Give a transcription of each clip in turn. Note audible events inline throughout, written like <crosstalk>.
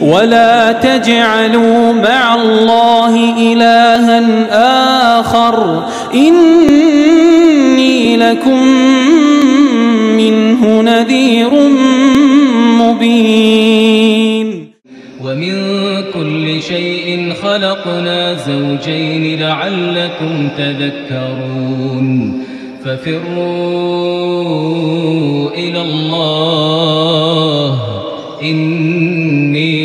ولا تجعلوا مع الله إلها آخر إني لكم منه نذير مبين ومن كل شيء خلقنا زوجين لعلكم تذكرون ففروا إلى الله إن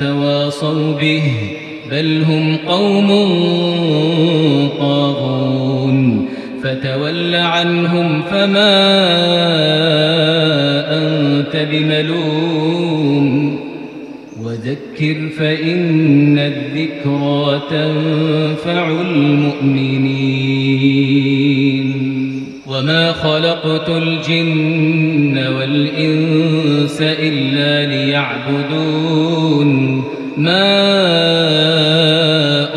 تواصوا به بل هم قوم طاغون فتول عنهم فما أنت بملوم وذكر فإن الذكرى تنفع المؤمنين وما خلقت الجن والإنس إلا ليعبدون ما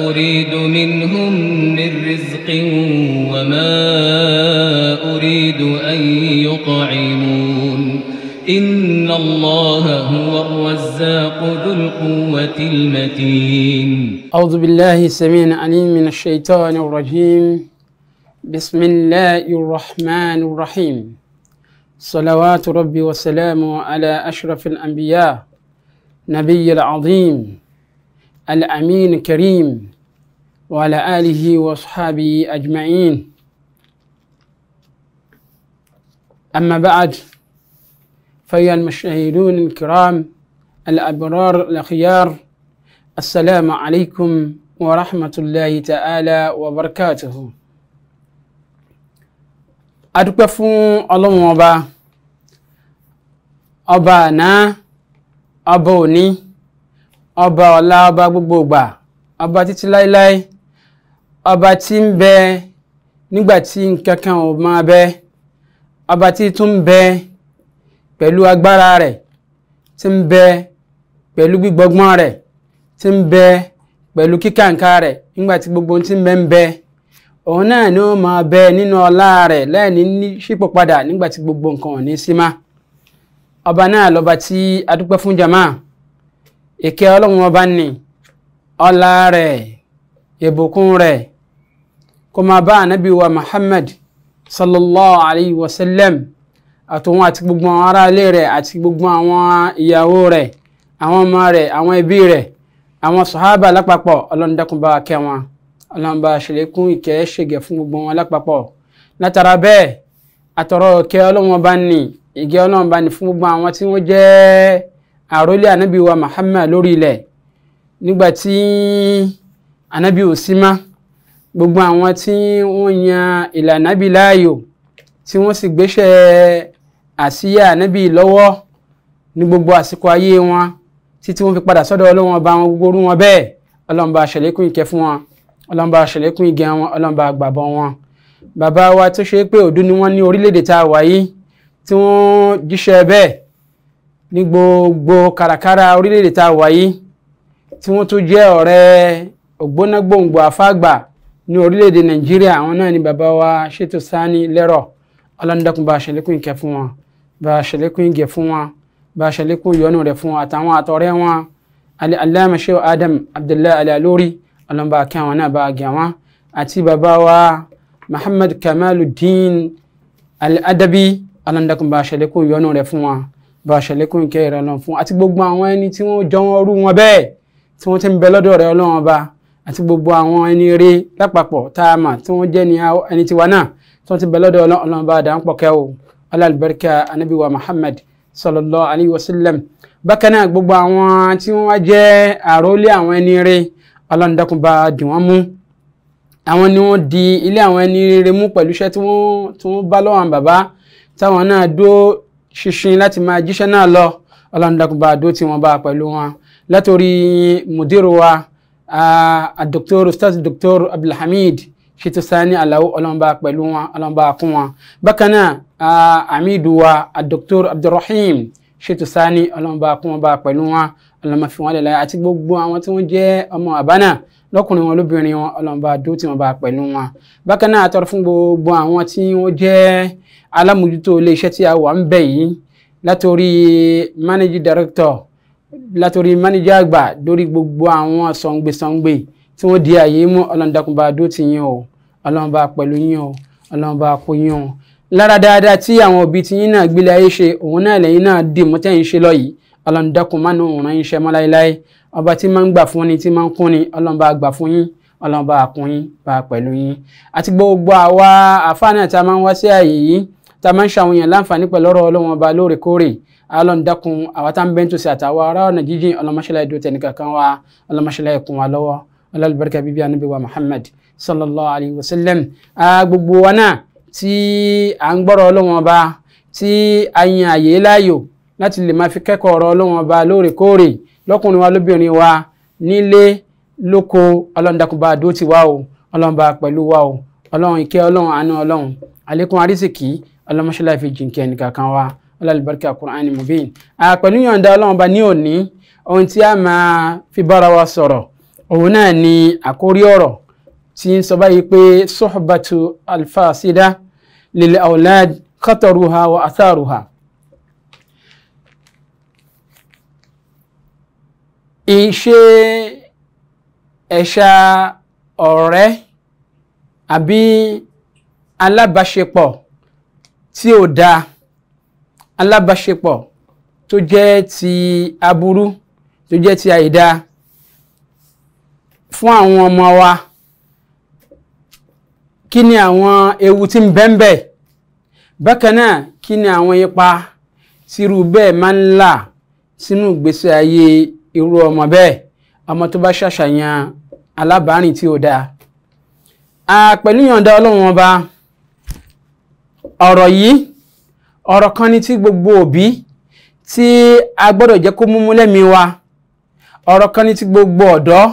أريد منهم من رزق وما أريد أن يطعمون إن الله هو الرزاق ذو القوة المتين أعوذ بالله السميع العليم من الشيطان الرجيم بسم الله الرحمن الرحيم صلوات ربي وسلامه على أشرف الأنبياء نبي العظيم الأمين الكريم وعلى آله وأصحابه أجمعين أما بعد فيا المشاهدون الكرام الأبرار الأخيار السلام عليكم ورحمة الله تعالى وبركاته adúpẹ́ fún ọlọ́run ọba ọba àná ọba òní ọba ọ̀la ọba gbogbo ìgbà ọba títí láéláé ọba tí ń bẹ nígbà tí nǹkan kan ò máa bẹ ọba tí tún ń bẹ pẹ̀lú agbára rẹ̀ tí ń bẹ pẹ̀lú gbígbọ́gbọ́n rẹ̀ tí ń bẹ pẹ̀lú kíkàǹkà rẹ̀ nígbà tí gbogbo tí ń bẹ ń bẹ òun náà ni ó máa bẹ nínú ọlá rẹ̀ lẹ́ẹ̀ni ní ṣípò padà nígbà tí gbogbo nǹkan ò ní sí má ọba náà lọ́ba tí adúpẹ́ fún jama ìkẹ́ ọlọ́run ọba nì ọlá rẹ̀ ìbùkún rẹ̀ kó máa bá ànábì wa Muhammad sallallahu alayhi wa sallam àtòun àti gbogbo àwọn aráalé rẹ̀ àti gbogbo àwọn ìyàwó rẹ̀ àwọn ọmọ rẹ̀ àwọn ẹbí rẹ̀ àwọn sàhábà lápapọ̀ ọlọ́run dákun bá wa kẹ́ wọn ọlọ́nba àṣẹlẹ́kùn ìkẹ́ ṣègẹ̀ fún gbogbo wọn lápapọ̀ látara bẹ́ẹ̀ àtọ̀rọ̀ ìkẹ́ ọlọ́wọ́n bá ní ìkẹ́ ọlọ́wọ́n bá ní fún gbogbo àwọn tí wọ́n jẹ́ àrólé ànábì wa Muhammad lórí ilẹ̀ nígbà tí ànábì ò sí mọ́ gbogbo àwọn tí wọ́n yan ìlànà ànábì láàyò tí wọ́n sì gbéṣẹ́ àsíyà ànábì lọ́wọ́ ní gbogbo àsìkò ayé wọn títí wọ́n fi padà sọ́dọ̀ ọlọ́wọ́n bá wọn gbogbo orú wọn bẹ́ẹ̀ ọlọ́run bá ṣàlékún ìkẹ́ fún wọn ọlọ́nba àṣẹlẹ́kùn igi wọn ọlọ́nba àgbàbọ̀ wọn bàbá wa tó ṣe pé òdú ni wọ́n ní orílẹ̀-èdè tá a wà yìí tí wọ́n jíṣẹ́ bẹ́ẹ̀ ní gbogbo kàràkàrà orílẹ̀-èdè tá a wà yìí tí wọ́n tún jẹ́ ọ̀rẹ́ ògbónágbòǹgbò àfáàgbà ní orílẹ̀-èdè nàìjíríà àwọn náà ni bàbá wa ṣètò sani lẹ́rọ̀ ọlọ́ndàkùn bá àṣẹlẹ́kùn ìkẹ́ fún wọn bá àṣẹlẹ́kùn ìgẹ̀ fún wọn bá àṣẹlẹ́kùn ìyọnu rẹ̀ fún wọn àtàwọn àtọ̀rẹ́ wọn alẹ́ aláàmà Shehu Adam Abdullahi Al-Alori ọlọ́mọba kí àwọn náà bá gẹ̀ wọ́n àti bàbá wa Muhammad Kamaluddin Al-Adabi ọlọ́ndàkùn bá ṣẹlẹ́kùn yọ́nú rẹ̀ fún wa bá ṣẹlẹ́kùn ìkẹ́ rẹ̀ lọ fún àti gbogbo àwọn ẹni tí wọ́n jọ wọn rú wọn bẹ́ẹ̀ tí wọ́n ti ń bẹ lọ́dọ̀ rẹ̀ ọlọ́wọ́n ọba àti gbogbo àwọn ẹni rè lápapọ̀ tá a mà tí wọ́n jẹ́ ẹni tiwa náà tí wọ́n ti bẹ lọ́dọ̀ ọlọ́wọ́n ọba àdáhùn pọ̀kẹ́ o Muhammad sallallahu alayhi wa sallam bákan náà gbogbo àwọn tí wọ́n wá jẹ́ ọlọ́run dákun bá dì wọ́n mú àwọn ni wọ́n di ilé àwọn ẹni rere mú pẹ̀lú iṣẹ́ tí wọ́n tí wọ́n bá lọ́wọ́ àwọn bàbá táwọn náà dúró ṣinṣin láti máa jíṣẹ́ náà lọ ọlọ́run dákun bá dúró tí wọ́n bá pẹ̀lú wọn látòrí mùdírù wa dr ustaz dr abdulhamid ṣètò sani aláwọ ọlọ́run bá pẹ̀lú wọn ọlọ́run bá kún wọn bákan náà amidu dr abdulrahim ṣètò sani ọlọ́run bá kún wọn bá pẹ̀lú wọn ọlọ́mọ fi wọ́n lẹ̀ láyà àti gbogbo àwọn tí wọ́n jẹ́ ọmọ àbánà lọ́kùnrin wọn lóbìnrin wọn ọlọ́mọba dó tí wọ́n bá pẹ̀lú wọn bákan náà àtọrọ fún gbogbo àwọn tí wọ́n jẹ́ alámòjútó iléeṣẹ́ tí a wà ń bẹ̀ yìí látòrí managing director látòrí manager àgbà lórí gbogbo àwọn sọ̀ǹgbẹ̀sọ̀ǹgbẹ̀ tí wọ́n di àyè mú ọlọ́ndàkùnbà dó ti yín o ọlọ́mọba pẹ̀lú yín o ọlọ́mọba kò yín o lára dáadáa tí àwọn òbí ti yín náà gbélé ayé ṣe òun náà lẹ́yìn náà dì mú ṣe lọ yìí ọlọ́run dákun má nù ràn yín ṣe mọ́ láéláé ọba tí máa ń gbà fún ni tí máa ń kún ni ọlọ́run bá gbà fún yín ọlọ́run bá kún yín bá pẹ̀lú yín àti gbogbo àwa àfáàní àti a máa ń wá sí àyè yìí tá a máa ń ṣàwọn èèyàn láǹfààní pẹ̀lú ọ̀rọ̀ ọlọ́run ọba lóòrèkóòrè ọlọ́run àwa tá ń bẹ́ńtò sí àtàwọn ará Muhammad sallallahu alayhi wa sallam gbogbo wa náà tí à ń gbọ́rọ̀ ọlọ́run ọba tí a yan àyè láàyò láti lè máa fi kẹ́kọ̀ọ́ ọ̀rọ̀ ọlọ́run ọba lóòrèkóòrè lọ́kùnrin wa lóbìnrin wa nílé lóko ọlọ́run dákúnbá àdó ti wá o ọlọ́run bá pẹ̀lú wa o ọlọ́run ìkẹ́ ọlọ́run àánú ọlọ́run àlékún arísìkí ọlọ́mọṣẹ́lá fi jìnkẹ́ nìkankan wa ọlọ́lùbáríkà kùránì mubin. àpẹ̀lú yọ̀ǹda ọlọ́run bá ní òní ohun tí a máa fi bára wa sọ̀rọ̀ òun náà ni àkórí ọ̀rọ̀ tí ń sọ báyìí pé sohbatu alfasida lil aulad khataruha wa atharuha ìṣe ẹ̀ṣà ọ̀rẹ́ àbí alábàṣepọ̀ tí ò dáa alábàṣepọ̀ tó jẹ́ ti aburú tó jẹ́ ti àìda fún àwọn ọmọ wa kí ni àwọn ewu tí ń bẹ ń bẹ bákan náà kí ni àwọn ipa tírú bẹ́ẹ̀ máa ń là sínú ìgbésí ayé irú ọmọ bẹ́ẹ̀ ọmọ tó bá ṣàṣàyàn alábàárìn tí ó dáa pẹ̀lú yọ̀ǹda ọlọ́run ọba ọ̀rọ̀ yìí ọ̀rọ̀ kan ni tí gbogbo òbí tí a gbọ́dọ̀ jẹ́ kó múmú lẹ́mìí wa ọ̀rọ̀ kan ni tí gbogbo ọ̀dọ́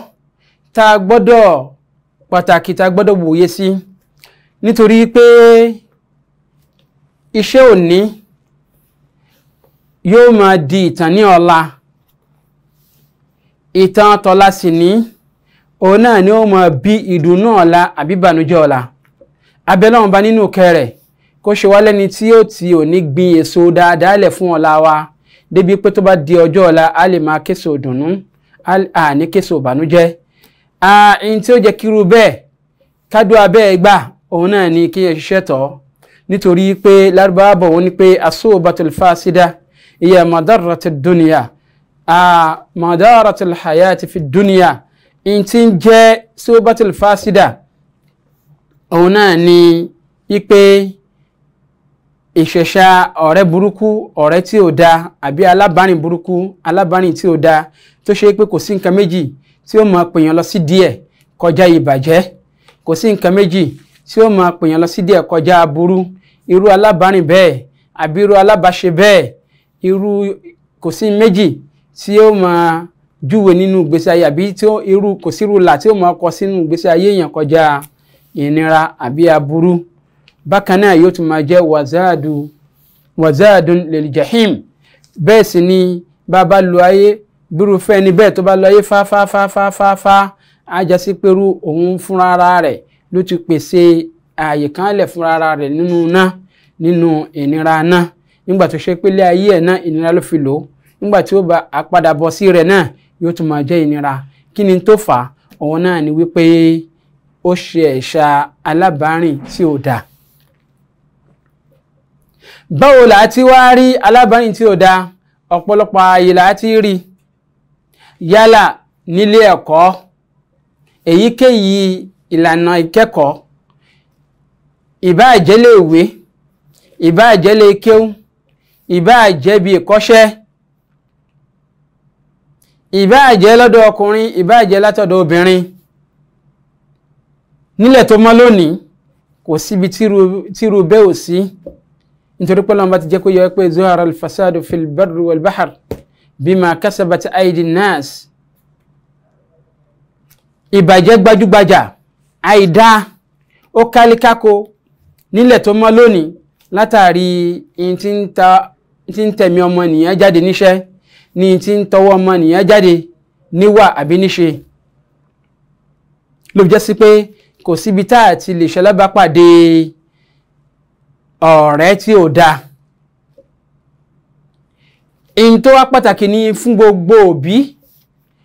tá gbọ́dọ̀ pàtàkì tá gbọ́dọ̀ wòye sí nítorí pé iṣẹ́ òní yóò máa di ìtàn ní ọ̀la ìtàn tọ́lá sì ní òun náà ni ó mọ bí ìdùnnú ọ̀la àbí ìbànújẹ́ ọ̀la abẹ́lẹ́ ọ̀nba nínú kẹrẹ̀ kó ṣe wá lẹ́ni tí yóò ti òní gbin èso dáadáa lẹ̀ fún ọ̀la wa débi pé tó bá di ọjọ́ ọ̀la a lè máa késo ìdùnnú a ní késo ìbànújẹ́ ẹni tí ó jẹ́ kíru bẹ́ẹ̀ kádùá bẹ́ẹ̀ gbà òun náà ni kí ẹ ṣiṣẹ́ tọ́ nítorí pé lárúbáwá bọ̀ wọ́n ní pé asóòbátòlùfáà sídá ìyá madarratid dunya madaratul hayati fi dunya n ti jẹ́ silbatul fasida òun náà ni ipe ìṣẹ̀ṣà ọ̀rẹ́ burúkú ọ̀rẹ́ tí ò da àbí alábàárìn burúkú alábàárìn tí ò da tó ṣe pé kò sí nǹkan méjì tí ó máa pèèyàn lọ sí díẹ̀ kọjá ìbàjẹ́ kò sí nǹkan méjì tí ó máa pèèyàn lọ sí díẹ̀ kọjá aburú irú alábàárìn bẹ́ẹ̀ àbí irú alábàáṣe bẹ́ẹ̀ irú kò sí méjì tí ó máa júwe nínú ìgbésí ayé àbí tí ó irú kò sírú là tí ó máa kọ sínú ìgbésí ayé èèyàn kọjá ìnira àbí aburú bákan náà yóò tún máa jẹ́ wàzáàdù wàzáàdùn lèlìjàhìm bẹ́ẹ̀ sì ni bàbá lu ayé bírúfẹ́ ni bẹ́ẹ̀ tó bá lu ayé fáfáfáfáfá á pẹ̀rú òun fúnra ara rẹ̀ ló ti pèsè ààyè kan lẹ̀ fúnra ara rẹ̀ nínú náà nínú ìnira náà nígbà tó ṣe pé ayé ẹ̀ náà ìnira ló fi lò ó nígbà tí ó bá àpadàbọ̀ sí rẹ̀ náà yóò tún máa jẹ́ ìnira kí ni tó fà á òun náà ni wípé ó ṣe ẹ̀ṣà alábàárìn tí ò dáa báwo là á ti wá rí alábàárìn tí ò dáa ọ̀pọ̀lọpọ̀ ààyè là á ti rí yálà nílé ẹ̀kọ́ èyíkéyìí ìlànà ìkẹ́kọ̀ọ́ ìbáà jẹ́ léèwé ìbáà jẹ́ léèkéwú ìkọ́ṣẹ́ ìbáàjẹ́ lọ́dọ̀ ọkùnrin ìbáàjẹ́ látọ̀dọ̀ obìnrin nílẹ̀ tó mọ́ lónìí kò síbi tíru bẹ́ẹ̀ ò sí nítorí pé lọ́nà bá ti jẹ́ kó yọ pé zuhara alfasadu fil barri wal bahar bima kasabat aidi nas ìbàjẹ́ gbajúgbajà àìdá ó kálíkákó nílẹ̀ tó mọ́ lónìí látàrí ìtí ń tẹ̀mí ọmọ ènìyàn jáde níṣẹ́ ní ti ń tọwọ́ ọmọnìyàn jáde níwà àbí níṣe ló jẹ́ sí pé kò síbi tá a ti lè ṣalábàápàdé ọ̀rẹ́ tí ò dáa in tó wá pàtàkì ni fún gbogbo òbí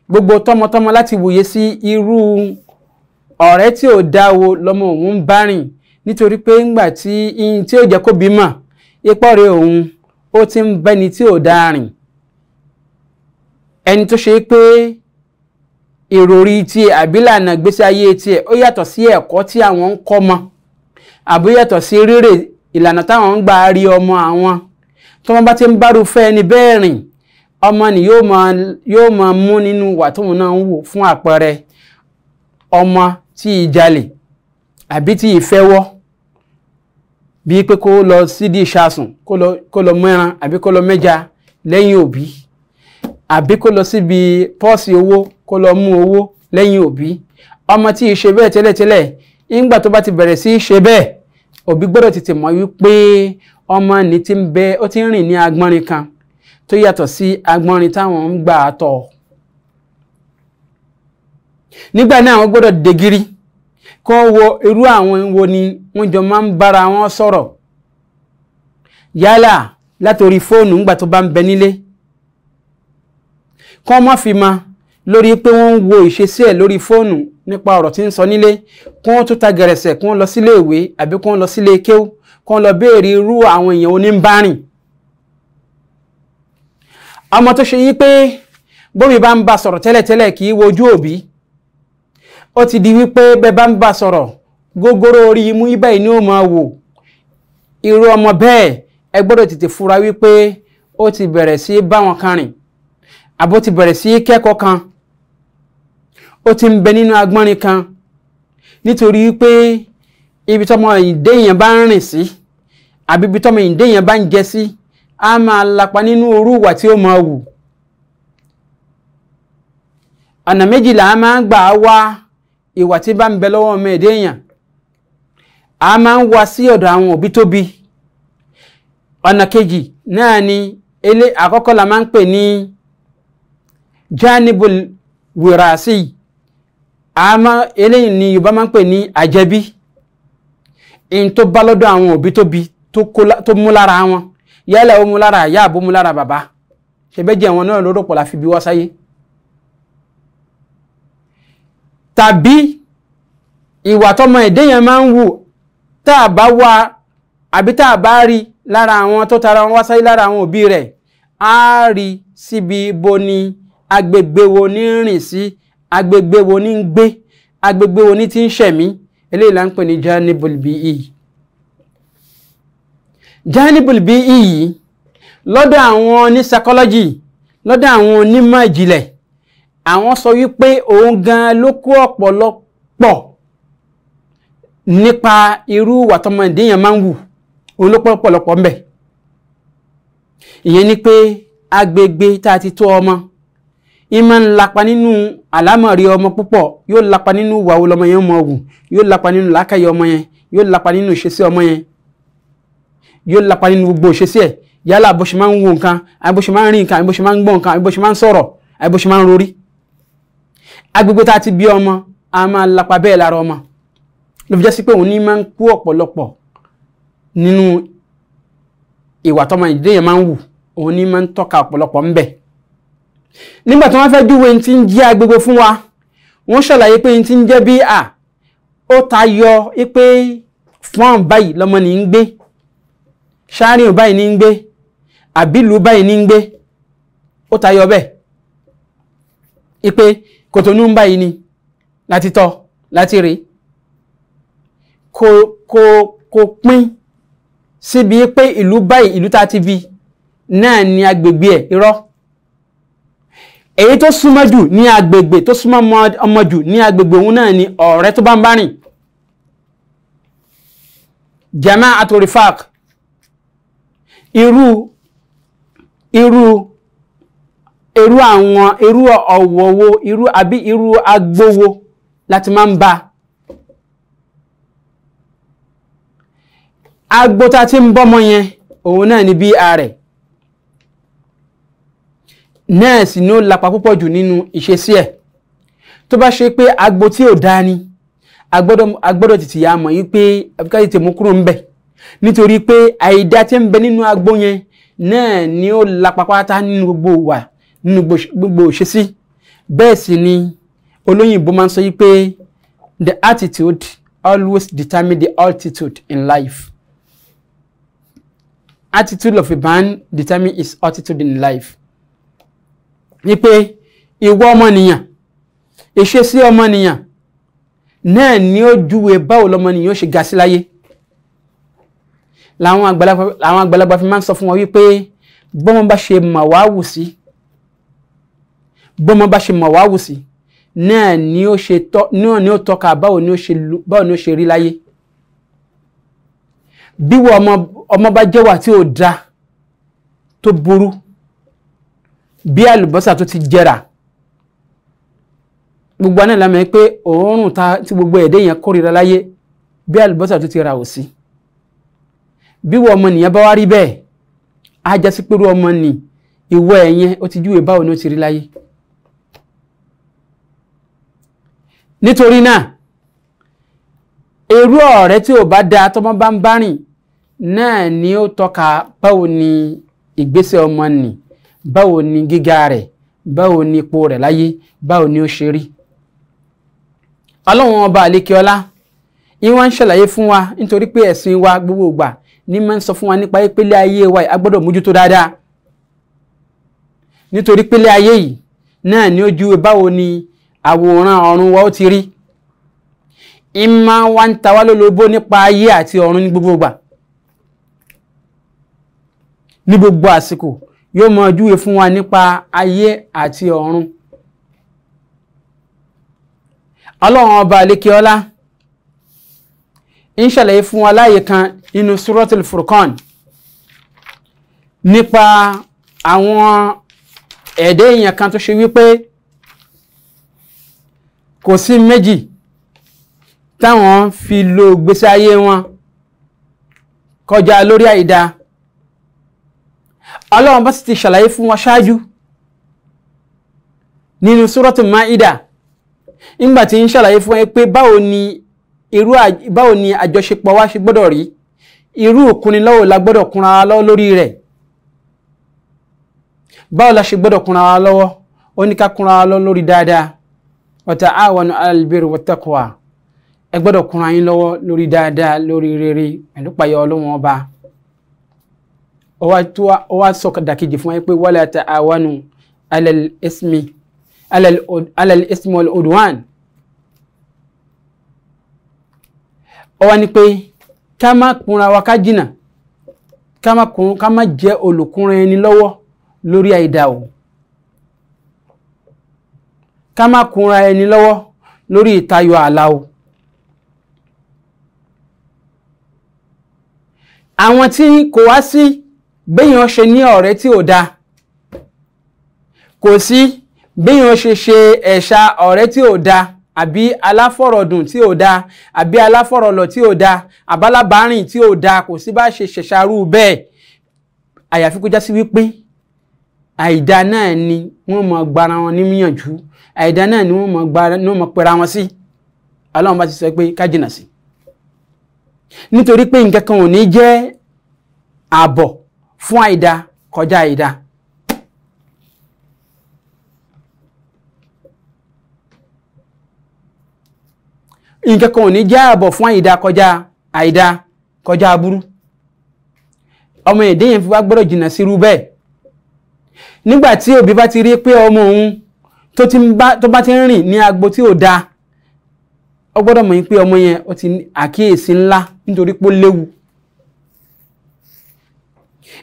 gbogbo tọmọtọmọ láti wòye sí irú ọ̀rẹ́ tí ò dáa wo lọ́mọ òun ń bá rìn nítorí pé ńgbà tí in tí ò jẹ́ kó bímọ ipò rẹ̀ òun ó ti ń bẹ́ni tí ò dáa rìn ẹni tó ṣe pé ìròrí tiẹ̀ àbílànà gbèsè ayé tiẹ̀ ó yàtọ̀ sí ẹ̀kọ́ tí àwọn ń kọ́ mọ́ àbí yàtọ̀ sí rírè ìlànà táwọn ń gbà rí ọmọ àwọn tí wọ́n bá ti ń bárúfẹ́ ẹni bẹ́ẹ̀ rìn ọmọ ni yóò máa mú nínú wà tóun náà ń wò fún àpẹẹrẹ ọmọ tí ì jalè àbí tí ì fẹ́wọ́ bíi pé kó lọ sídìí ṣàsùn kó lọ mẹ́ran àbí kó lọ mẹ́ja lẹ́yìn òbí àbí kó lọ síbi pọ́ọ̀sì owó kó lọ mú owó lẹ́yìn òbí ọmọ tí ì ṣe bẹ́ẹ̀ tẹ́lẹ̀tẹ́lẹ̀ ìgbà tó bá ti bẹ̀rẹ̀ sí í ṣe bẹ́ẹ̀ òbí gbọ́dọ̀ tètè mọ̀ wípé ọmọ ní ti ń bẹ ó ti ń rìn ní agbọ́nrin kan tó yàtọ̀ sí agbọ́nrin táwọn ń gbà á tọ̀ nígbà náà wọ́n gbọ́dọ̀ degiri kó wo irú àwọn wo ni wọ́n jọ máa ń bára wọn sọ̀rọ̀ yálà látòrí fóònù ńgbà tó bá ń bẹ nílé kán mọ́ fi ma lórí pé wọ́n ń wo ìṣesí ẹ̀ lórí fóònù nípa ọ̀rọ̀ tí ń sọ nílé kí wọ́n tún ta gẹ̀rẹ̀sẹ̀ kí wọ́n lọ sílé ìwé àbí kí wọ́n lọ sílé kéw kí wọ́n lọ béèrè irú àwọn èèyàn oníbárìn. ọmọ tó ṣe yí pé bómi bá ń bá sọ̀rọ̀ tẹ́lẹ̀tẹ́lẹ̀ kì í wojú òbí ó ti di wípé bẹ́ẹ̀ bá ń bá sọ̀rọ̀ gógóró orí imú ibà yìí ni ó máa wò irú ọmọ bẹ́ẹ̀ ẹ gbọ́dọ̀ tètè fura wípé ó ti bẹ̀rẹ̀ sí báwọn kan àbó ti bẹ̀rẹ̀ sí kẹ́kọ̀ọ́ kan ó ti ń bẹ nínú agbọ́nrin kan nítorí pé ibi tọ́mọ ìdè yẹn bá ń rìn sí àbí ibi tọ́mọ ìdè yẹn bá ń jẹ sí á máa lapa nínú orú ìwà tí ó máa wù ọ̀nà méjì là máa ń gbà wá ìwà tí bá ń bẹ lọ́wọ́ ọmọ èdè èèyàn a máa ń wá sí ọ̀dọ̀ àwọn òbí tóbi ọ̀nà kejì náà ni ele àkọ́kọ́ la máa ń pè ní janibul wirasi àmọ́ eléyìí ni yorùbá máa ń pè ní àjẹbí in tó bá lọ́dọ̀ àwọn òbí tó bí tó mú lára wọn yálà ó mú lára àyà àbó mú lára bàbá ṣèbẹ́jẹ̀ wọn náà lóró pọ̀ la fi bí wá sáyé tàbí ìwà tọmọ ìdẹ́yẹn máa ń wù tá a bá wá àbí tá a bá rí lára àwọn tó tara wọn wá sáyé lára àwọn òbí rẹ̀ á rí síbi bo ni agbègbè wo ní rìn sí agbègbè wo ní ń gbé agbègbè wo ní ti ń ṣẹ̀mí eléyìí là ń pè ní janibul bi'i janibul bi'i yìí lọ́dọ̀ àwọn ní psychology lọ́dọ̀ àwọn onímọ̀ ìjìnlẹ̀ àwọn sọ wípé òun gan-an ló kó ọ̀pọ̀lọpọ̀ nípa irú ìwà tọmọ ìdíyàn máa ń wù òun ló pọ̀ ọ̀pọ̀lọpọ̀ ń bẹ ìyẹn ni pé agbègbè tá a ti tó ọmọ ìmọ̀ ń lapa nínú àlámọ̀rí ọmọ púpọ̀ yóò lapa nínú ìwàwó lọmọ yẹn mọ̀ wù yóò lapa nínú làákàyè ọmọ yẹn yóò lapa nínú ìṣesí ọmọ yẹn yóò lapa nínú gbogbo ìṣesí ẹ̀ yálà bó ṣe máa ń wo nǹkan àbí bó ṣe máa ń rí nǹkan àbí bó ṣe máa ń gbọ́ nǹkan àbí bó ṣe máa ń sọ̀rọ̀ àbí bó ṣe máa ń rorí. agbègbè tá a ti bí ọmọ a máa lapa bẹ́ẹ̀ lára ọmọ ló fi jẹ́ sí pé òun ní máa ń kú ọ̀pọ̀lọpọ̀ nínú ìwà tọmọ ìdílé yẹn máa ń wù òun ní máa ń tọ́ka ọ̀pọ̀lọpọ̀ ń bẹ̀ nígbà tí wọ́n fẹ́ júwe ní ti ń jẹ́ agbègbè fún wa wọ́n ṣàlàyé pé ní ti ń jẹ́ bí à ó tayọ pé fún báyìí lọ́mọ ní ń gbé ṣáárín báyìí ní ń gbé àbílù báyìí ní ń gbé ó tayọ bẹ́ẹ̀ ipe kòtònú ń báyìí ni láti tọ́ láti rè kò kò kò pín síbi pé ìlú báyìí ìlú tá a ti bí náà ni agbègbè ẹ̀ irọ́ èyí tó súnmọ́ jù ní agbègbè tó súnmọ́ ọmọ jù ní agbègbè òun náà ni ọ̀rẹ́ tó bá ń bá rìn jama'atu rifaq irú irú irú àwọn irú ọ̀wọ̀wọ̀ irú àbí irú agbówó láti máa ń bá agbóta tí ń bọ́mọ yẹn òun náà ni bí ààrẹ̀ náà sì ní ó lapa púpọ̀ jù nínú ìṣesí ẹ̀ tó bá ṣe pé agbo tí ò dáa ni agbọ́dọ̀ tètè yà mọ̀ yìí pé àfikà tètè mú kúrò ń bẹ̀ nítorí pé àìdá tí ń bẹ nínú agbo yẹn náà ni ó lapa pátá nínú gbogbo wà nínú gbogbo ìṣesí bẹ́ẹ̀ sì ni olóyìnbó máa ń sọ yìí pé the attitude always determine the altitude in life attitude of a man determine his altitude in life ni pé ìwọ ọmọnìyàn ìṣesí ọmọnìyàn náà ni ó júwe báwo lọmọnìyàn ó ṣe ga sí láyé làwọn àgbàlagbà fi máa ń sọ fún wọn wípé bọ́mọ bá ṣe mà wá wù sí bọ́mọ bá ṣe mà wá wù sí náà ni ó ṣe tọ́ náà ni ó tọ́ka báwo ni ó ṣe báwo ni ó ṣe rí láyé bí wọ́n ọmọ bá jẹ́wà tí ò dáa tó burú bí àlùbọ́sà tó ti jẹrà gbogbo aná lámẹ́ pé òórùn ta tí gbogbo ẹ̀dẹ́ yẹn kórira láyé bí àlùbọ́sà tó ti ra òsì bí wọ́n ọmọ nìyẹn bá wá rí bẹ́ẹ̀ á jásí pẹ̀lú ọmọ nì ìwọ ẹ̀yẹn ó ti júwe báwo ni ó ti rí láyé nítorí náà irú ọ̀rẹ́ tí ò bá dáa tọ́mọ bá ń bá rìn náà ni ó tọ́ka báwo ni ìgbésẹ̀ ọmọ nì báwo ni gíga rẹ̀ báwo ni ipò rẹ̀ láyé báwo ni ó ṣe rí. ọlọ́run ọba àlékeọlá ìwà ń ṣàlàyé fún wa nítorí pé ẹ̀sìn wa gbogbo ìgbà ní máa ń sọ fún wa nípa ìpele ayé wa a gbọ́dọ̀ mójútó dáadáa nítorí pélé ayé yìí náà ní ojú báwo ni àwòrán ọ̀run wa ó ti rí ìmọ̀ wa ń ta wá lólobó nípa ayé àti ọ̀run ní gbogbo ìgbà ní gbogbo àsìkò yóò mọ júwe fún wa nípa ayé àti ọ̀run ọlọ́run ọba alekeola ń ṣàlàyé fún wa láàyè kan nínú suratul furqan nípa àwọn ẹ̀dẹ́ èèyàn kan tó ṣe wípé kò sí méjì táwọn fi lo ìgbésí ayé wọn kọjá lórí àìdáa ọlọ́run bá sì ti ṣàlàyé fún wa ṣáájú nínú súrọ́tù Maida nígbà tí ń ṣàlàyé fún ẹ pé báwo ni irú báwo ni àjọṣepọ̀ wa ṣe gbọ́dọ̀ rí irú ìkúnilọ́wọ́ la gbọ́dọ̀ kúnra lọ́wọ́ lórí rẹ̀ báwo la ṣe gbọ́dọ̀ kúnra lọ́wọ́ ó ní ká kúnra lọ́wọ́ lórí dáadáa wa ta'awanu 'alal birri wattaqwa ẹ gbọ́dọ̀ kúnra yín lọ́wọ́ lórí dáadáa lórí rere pẹ̀lú payọ̀ ọlọ́wọ́n ọba ó wá sọ dàkejì fún wa pé wala ta'awanu alal ismi alal ismi wal udwan ó wá ní pé kama má kúnra wa ká jìnnà ká kama jẹ́ olùkúnrin ẹni lọ́wọ́ lórí àìdá o ká má ẹni lọ́wọ́ lórí ìtayọ ààlà o. àwọn tí kò wá sí béèyàn ṣe ní ọ̀rẹ́ tí ò dáa kò sí béèyàn ṣe ṣe ẹ̀ṣà ọ̀rẹ́ tí ò dáa àbí aláfọ̀rọ̀dùn tí ò dáa àbí aláfọ̀rọ̀lọ̀ tí ò dáa àbálábárìn tí ò dáa kò sí bá ṣe ṣẹ̀ṣàrú bẹ́ẹ̀ àyàfi kó já sí wípé àìdá náà ni wọ́n mọ̀ gbara wọn níyànjú àìdá náà ni wọ́n mọ̀ gbara ni wọ́n mọ̀ pera wọn sí aláwọn bá ti sọ pé ká jìnnà sí nítorí pé nǹkan kan ò ní jẹ́ ààbọ̀ fún àìdá kọjá àìdá. nǹkan kan ò ní jẹ́ ààbọ̀ fún àìdá kọjá àìdá kọjá aburú ọmọ èdè yẹn fi wá gbọ́dọ̀ jìnnà sí irú bẹ́ẹ̀ nígbà tí òbí bá ti rí pé ọmọ òun tó bá ti ń rìn ní agbo tí ò da ọ gbọ́dọ̀ mọ̀ yín pé ọmọ yẹn ó ti àkíyèsí ńlá nítorí pé ó léwu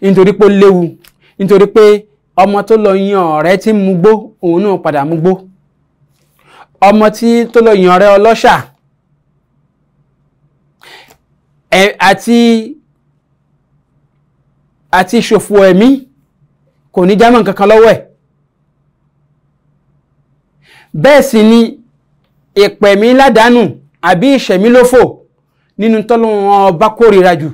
nítorí pé ó léwu nítorí pé ọmọ tó lọ yan ọ̀rẹ́ tí ń mugbó òun náà padà mugbó ọmọ tí tó lọ yan ọ̀rẹ́ ọlọ́ṣà àti àti ṣòfò ẹ̀mí kò ní jámọ̀ kankan lọ́wọ́ ẹ̀ bẹ́ẹ̀ sì ni ìpẹ̀mí ládàánù àbí ìṣẹ̀mí lófò nínú tọ́lọ́wọ́n ọba kórìíra jù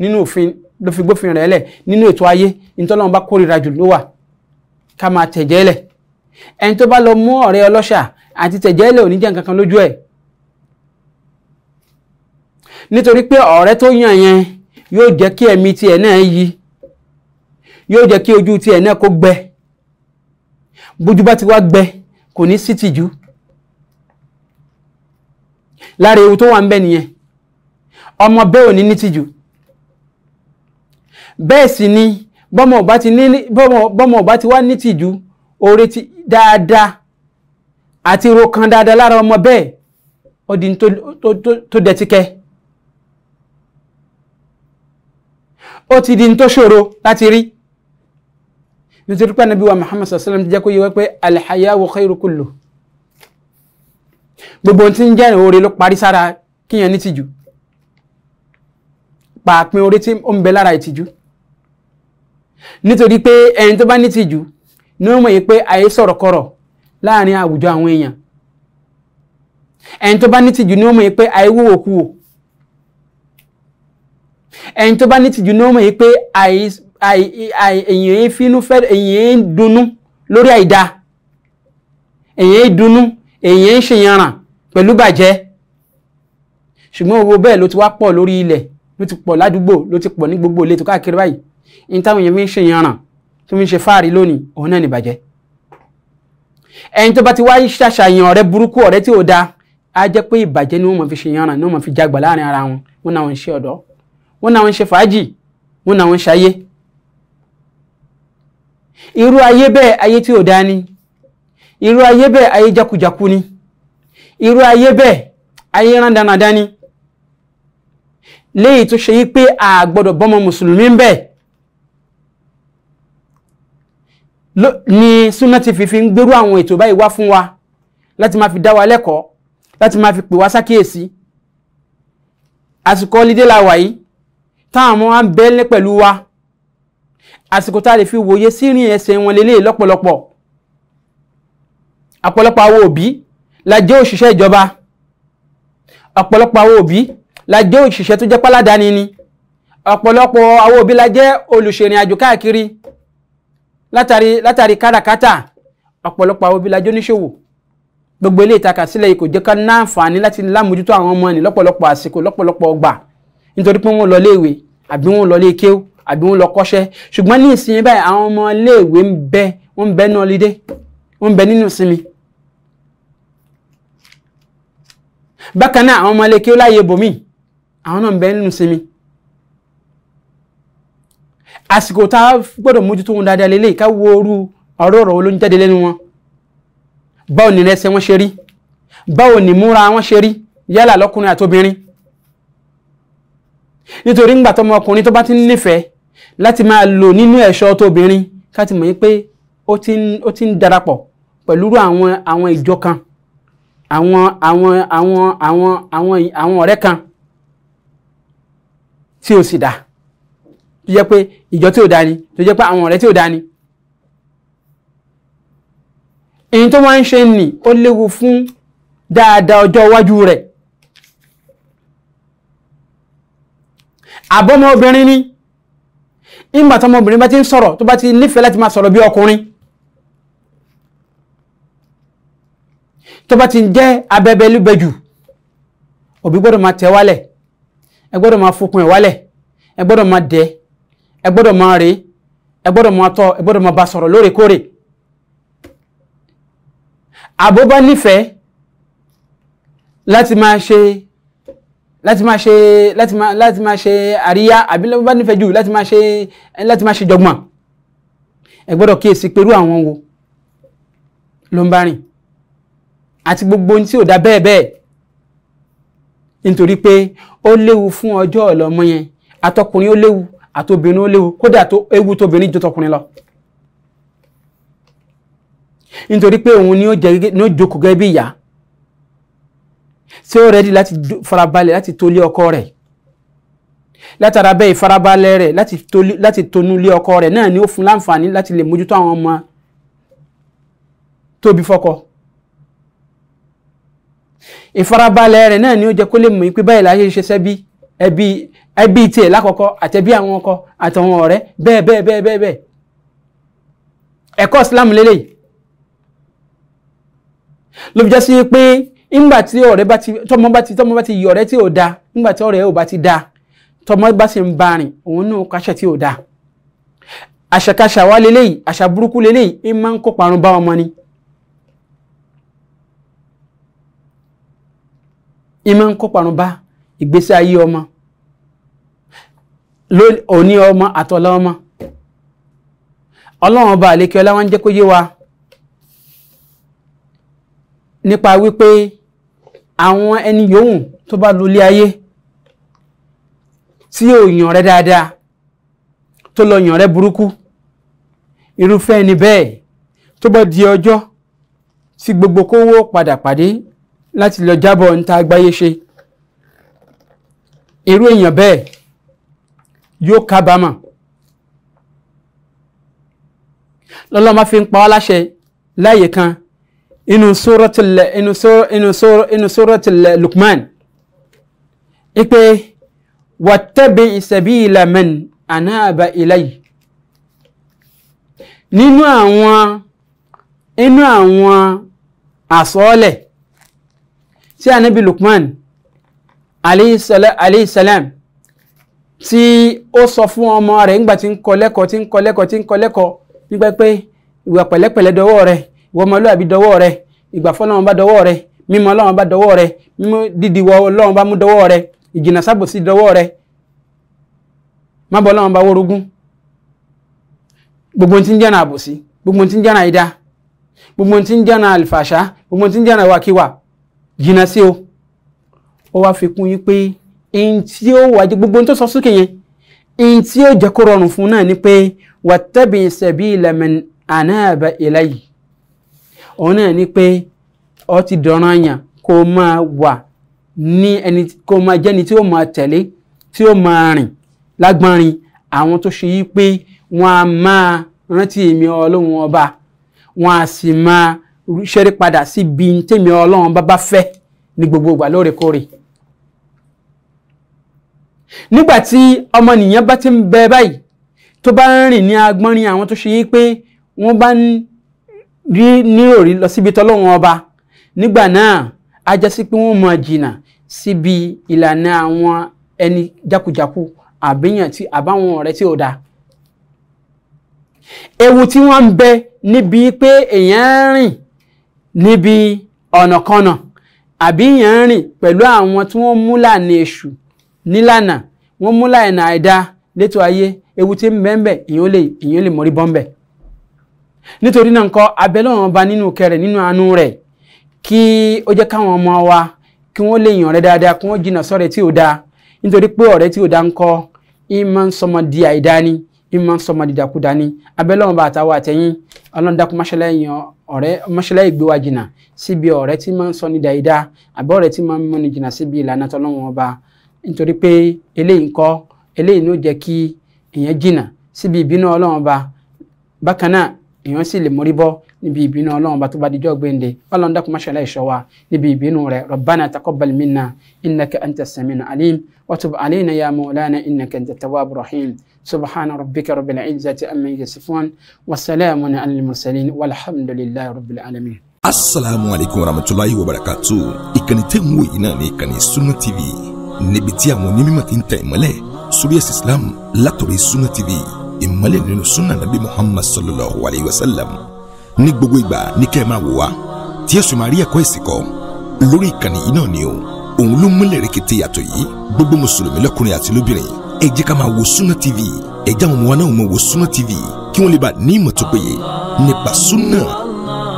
nínú òfin ló fi gbófin rẹ̀ lẹ̀ nínú ètò ayé nítọ́lọ́run bá kórìíra jù ló wà ká máa tẹ̀jẹ́ lẹ̀ ẹni tó bá lọ mú ọ̀rẹ́ ọlọ́ṣà àti tẹ̀jẹ́ lẹ̀ ò ní jẹ́ nǹkan kan lójú ẹ̀ nítorí pé ọ̀rẹ́ tó yàn yẹn yóò jẹ́ kí ẹ̀mí tiẹ̀ náà yí yóò jẹ́ kí ojú tiẹ̀ náà kó gbẹ bójú bá ti wá gbẹ kò ní sí tìjú lára ewu tó wà ń bẹ nìyẹn ọmọ bẹ́ẹ̀ ò ní ní tìjú bẹ́ẹ̀ sì ni bọ́mọ ọba ti ní bọ́mọ ọba ti wá nítìjú oore ti dáadáa àti ro kan dáadáa lára ọmọ bẹ́ẹ̀ ó di tó dẹtíkẹ́ ó ti di tó ṣòro láti rí nítorí pé anabi wa muhammad sallallahu alayhi wa sallam ti jẹ́ kó yẹ wá pé alhayawu khayru kullu gbogbo ohun tí ń jẹ́ oore ló parí sára kíyàn nítìjú pàápín oore tí ó ń bẹ lára ìtìjú nítorí pé ẹni tó bá ní tìjú ní wọ́n mọ̀ yìí pé àyè sọ̀rọ̀kọ̀rọ̀ láàrin àwùjọ àwọn èèyàn ẹni tó bá ní tìjú ní wọ́n mọ̀ yìí pé àyè wúwòkuwò ẹni tó bá ní tìjú ní wọ́n mọ̀ yìí pé èèyàn ń finú fẹ́ èèyàn ń dunnú lórí àìda èèyàn ń dunnú èèyàn ń ṣèyànràn pẹ̀lú bàjẹ́ ṣùgbọ́n owó bẹ́ẹ̀ ló ti wá pọ̀ lórí ilẹ̀ ló ti pọ̀ ládùúgbò ló ti pọ̀ ní gbogbo ìletò káàkiri báyìí in táwọn èèyàn mi ń ṣe ìyanràn tí mi ń ṣe fáàrí lónìí òun náà nìbàjẹ́ ti wáyé ṣàṣàyàn ọ̀rẹ́ burúkú ọ̀rẹ́ tí ò da á jẹ́ pé ìbàjẹ́ ni wọ́n máa fi ṣe ni wọ́n máa fi jagbà láàrin ara wọn wọn náà wọn ṣe ọ̀dọ́ wọn náà wọn ṣe fàájì wọn náà ń ṣayé irú ayé bẹ́ẹ̀ ayé tí ò da ni irú ayé bẹ́ẹ̀ ayé jakujaku ni irú ayé bẹ́ẹ̀ ayé ni súnà ti fífi ń gbérú àwọn ètò báyìí wá fún wa láti máa fi dá wa lẹ́kọ̀ọ́ láti máa fi pè wá sákèésí àsìkò ọlídé la wà yìí táwọn ọmọ wa ń bẹ́lẹ̀ pẹ̀lú wa àsìkò tá a lè fi wòye sí ìrìn ẹsẹ̀ wọn lélẹ̀ lọ́pọ̀lọpọ̀ ọ̀pọ̀lọpọ̀ àwọn òbí la jẹ́ òṣìṣẹ́ ìjọba ọ̀pọ̀lọpọ̀ àwọn òbí la jẹ́ òṣìṣẹ́ tó jẹ́ páládàáni ni ọ̀pọ̀lọpọ̀ àwọn òbí la jẹ́ olùṣèrìn àjò káàkiri látàrí látàrí káràkátà ọ̀pọ̀lọpọ̀ àwọn obìnrin ajóníṣòwò gbogbo ilé ìtaka sílẹ̀ yìí kò jẹ́ ká ní àǹfààní láti lámójútó àwọn ọmọ ní lọ́pọ̀lọpọ̀ àsìkò lọ́pọ̀lọpọ̀ ọgbà nítorí pé wọ́n lọ léèwé àbí wọ́n lọ léèkéw àbí wọ́n lọ kọ́ṣẹ́ ṣùgbọ́n ní ìsinmi báyìí àwọn ọmọ léèwé ń bẹ wọ́n ń bẹ ní ọlídé ń bẹ nínú ìsinmi. bákan náà àwọn ọmọ léèkéw láàyè bòmíì àwọn náà ń bẹ nínú ìsinmi àsìkò tá a gbọ́dọ̀ mójútó wọn dáadáa lélẹ̀ ká wo orú ọ̀rọ̀ ọ̀rọ̀ ló ń jáde lẹ́nu wọn báwo ni ẹsẹ̀ wọn ṣe rí báwo ni múra wọn ṣe rí yálà lọ́kùnrin àtobìnrin nítorí ńgbà tọmọ ọkùnrin tó bá ti ń nífẹ̀ẹ́ láti máa lò nínú ẹ̀ṣọ́ tóbìnrin ká ti mọ̀ yín pé ó ti ń darapọ̀ pẹ̀lú àwọn àwọn ìjọ kan àwọn àwọn àwọn àwọn àwọn ọ̀rẹ́ kan tí ó sì dáa tó jẹ́ pé ìjọ tí ò dá ni tó jẹ́ pé àwọn ọ̀rẹ́ tí ò dá ni. èyí tó máa ń ṣe nì ó léwu fún dáadáa ọjọ́ iwájú rẹ̀. àbọ̀mọ obìnrin ni ìgbà tọmọ obìnrin bá ti ń sọ̀rọ̀ tó bá ti nífẹ̀ẹ́ láti máa sọ̀rọ̀ bí ọkùnrin. tó bá ti ń jẹ́ abẹ́bẹ́ òbí gbọ́dọ̀ máa tẹ̀ wálẹ̀ ẹ gbọ́dọ̀ máa fokùn ẹ̀ wálẹ̀ ẹ gbọ́dọ̀ máa dẹ̀ ẹ gbọ́dọ̀ máa rè ẹ gbọ́dọ̀ máa tọ́ ẹ gbọ́dọ̀ máa bá sọ̀rọ̀ lóòrèkóòrè àbó bá nífẹ̀ẹ́ láti máa ṣe láti máa ṣe láti máa láti máa ṣe àríyá àbí bá nífẹ̀ẹ́ jù láti máa ṣe láti máa ṣe jọgbọ̀n ẹ gbọ́dọ̀ kíyèsí pẹ̀lú àwọn wo ló ń bá rìn àti gbogbo ohun tí ò dá bẹ́ẹ̀ bẹ́ẹ̀ nítorí pé ó léwu fún ọjọ́ ọ̀lọ́mọ yẹn àtọkùnrin ó léwu àtobìnrin ó léwu kódà tó ewu tóbìnrin jù tọkùnrin lọ nítorí pé òun ni ó jẹ ní ó jókòó gẹ́gẹ́ bí ìyá ṣé ó rẹ́dí láti farabalẹ̀ láti tolé ọkọ rẹ̀ látara bẹ́ẹ̀ ìfarabalẹ̀ rẹ̀ láti tonúlé ọkọ rẹ̀ náà ni ó fún láǹfààní láti lè mójútó àwọn ọmọ tóbi fọ́kọ ìfarabalẹ̀ rẹ̀ náà ni ó jẹ́ kó lè mọ̀ pé báyìí láyé ṣe sẹ́bí ẹbí ẹbí tiẹ̀ lákọ̀ọ́kọ́ àtẹ̀bí àwọn ọkọ àtàwọn ọ̀rẹ́ bẹ́ẹ̀ bẹ́ẹ̀ bẹ́ẹ̀ bẹ́ẹ̀ bẹ́ẹ̀ ẹ̀kọ́ Islam lélẹ̀ ló fi já sí pé ńgbà tí ọ̀rẹ́ bá ti tọmọ bá ti tọmọ bá ti yọ ọ̀rẹ́ tí ò da ńgbà tí ọ̀rẹ́ ò bá ti da tọmọ bá sì ń ba rìn òun náà kaṣẹ tí ò da àṣàkáṣà wa lélẹ́yìí àṣà burúkú lélẹ́yìí ń máa ń kó parun bá ọmọ ni. ń máa ń kó parun bá ìgbésí ayé ọmọ òní ọmọ àtọ̀lá ọmọ ọlọ́run ọba àlékè ọlá wọn jẹ́ kó yé wa nípa wípé àwọn ẹni yòówù tó bá lulẹ̀ ayé tí yóò yàn rẹ dáadáa tó lọ yàn rẹ burúkú irúfẹ́ ẹni bẹ́ẹ̀ tó bá di ọjọ́ tí gbogbo kówó padà pàdé láti lọ jábọ̀ níta agbáyé ṣe irú èèyàn bẹ́ẹ̀ yóò kábàámà lọ́lọ́mọ fi ń pa wá láṣẹ láàyè kan inú suratul inú suratul inú suratul inú suratul Luqman ipe wattabi' sabila man anaba ilayya nínú àwọn inú àwọn àsọọ́lẹ̀ tí Ànábì Luqman alayhi salam tí ó sọ fún ọmọ rẹ̀ ńgbà tí ń kọ́ lẹ́kọ̀ọ́ tí ń kọ́ lẹ́kọ̀ọ́ tí ń kọ́ lẹ́kọ̀ọ́ nígbà pé ìwà pẹ̀lẹ́pẹ̀lẹ́ dọwọ́ rẹ̀ ìwà ọmọlúwàbí dọwọ́ rẹ̀ ìgbà fọlọ́run bá dọwọ́ rẹ̀ mímọ́ Ọlọ́run bá dọwọ́ rẹ̀ mímọ́ dídì wọ Ọlọ́run bá mú dọwọ́ rẹ̀ ìjìnà sábòsí dọwọ́ rẹ̀ má bọ́ Ọlọ́run bá wórogún gbogbo tí ń jẹ́ náà àbòsí gbogbo tí ń jẹ́ náà ìdá gbogbo tí ń jẹ́ náà àlìfàṣá gbogbo tí ń jẹ́ náà wàkíwà jìnà sí o ó wá fi kún yín pé in tí ó wà gbogbo tó sọ sókè yẹn in tí ó jẹ́ kó rọrùn fún náà ni pé wattabi sabila man anaba ilayhi òun náà ni pé ó ti dọ̀ràn àyàn kó máa wà ní ẹni kó máa jẹ́ni tí ó máa tẹ̀lé tí ó máa rìn lágbọ́nrin àwọn tó ṣe yí pé wọ́n á máa rántí èmi ọlọ́run ọba wọ́n á sì máa ṣeré padà síbi tèmi ọlọ́run bá bá fẹ́ ní gbogbo ìgbà lóòrèkóòrè nígbà tí ọmọnìyàn bá ti ń bẹ báyìí tó bá ń rìn ní agbọ́nrin àwọn tó ṣe yí pé wọ́n bá ń rí níròrí lọ síbi tọ́lọ́wọ́n ọba nígbà náà á já sí pé wọ́n máa jìnnà síbi ìlànà àwọn ẹni jákujàku àbíyàn tí àbáwọn ọ̀rẹ́ tí ò dáa ewu tí wọ́n ń bẹ níbi pé èèyàn ń rìn níbi ọ̀nàkọnà àbí èèyàn ń rìn pẹ̀lú àwọn tí wọ́n mú lànà èṣù nílànà wọn mú láìna àìda létò ayé ewu tí ń bẹ́ẹ̀ èèyàn lè èèyàn lè mọ̀rí bọ́ńbẹ̀ nítorí náà nǹkan abẹ́lọ́wọ́n ọba nínú kẹrẹ̀ nínú àánú rẹ̀ kí ó jẹ́ káwọn ọmọ wa kí wọ́n lè yàn rẹ̀ dáadáa kí wọ́n sọ́rẹ̀ tí ò nítorí pé ọ̀rẹ́ tí ò ń kọ́ ń sọmọ di àìda ni ni àtàwọn àtẹ̀yìn nítorí pé eléyìí ńkọ́ eléyìí ló jẹ́ kí èèyàn jìnnà síbi ìbínú ọlọ́run ba bákan náà èèyàn sì lè mórí bọ́ níbi ìbínú ọlọ́run bá tó bá dijọ́ gbẹ̀ǹde ọlọ́run dákun má ṣàlàyé ṣọ́ wa níbi ìbínú rẹ̀ rabbana taqabbal minna innaka anta sami'un alim wa tub alayna ya maulana innaka anta tawwab rahim subhana rabbika rabbil izzati amma yasifun wa salamun alal mursalin walhamdulillahi rabbil alamin. asalaamualeykum warahmatulahi wabarakatuh ìkànnì tẹ́ ń wò yìí náà TV níbi tí àwọn onímọ̀ ti ń tẹ ìmọ́lẹ̀ sórí ẹ̀sìn Islam látòrí Sunna TV ìmọ́lẹ̀ nínú Sunna Nabi Muhammad sallallahu alayhi wa sallam ní gbogbo ìgbà ní kẹ́ ẹ máa wò wá tí ẹ sì máa rí ẹ̀kọ́ ẹ̀sìn kọ́ lórí ìkànnì yìí náà ni o òun ló múlẹ̀ rẹ̀kẹ̀tẹ̀ yàtọ̀ yìí gbogbo mùsùlùmí lọ́kùnrin àti lóbìnrin ẹ jẹ́ ká máa wo Sunna TV ẹ jẹ́ àwọn ọmọ wa náà máa wo Sunna TV kí wọ́n lè bá ní ìmọ̀ tó péye nípa Sunna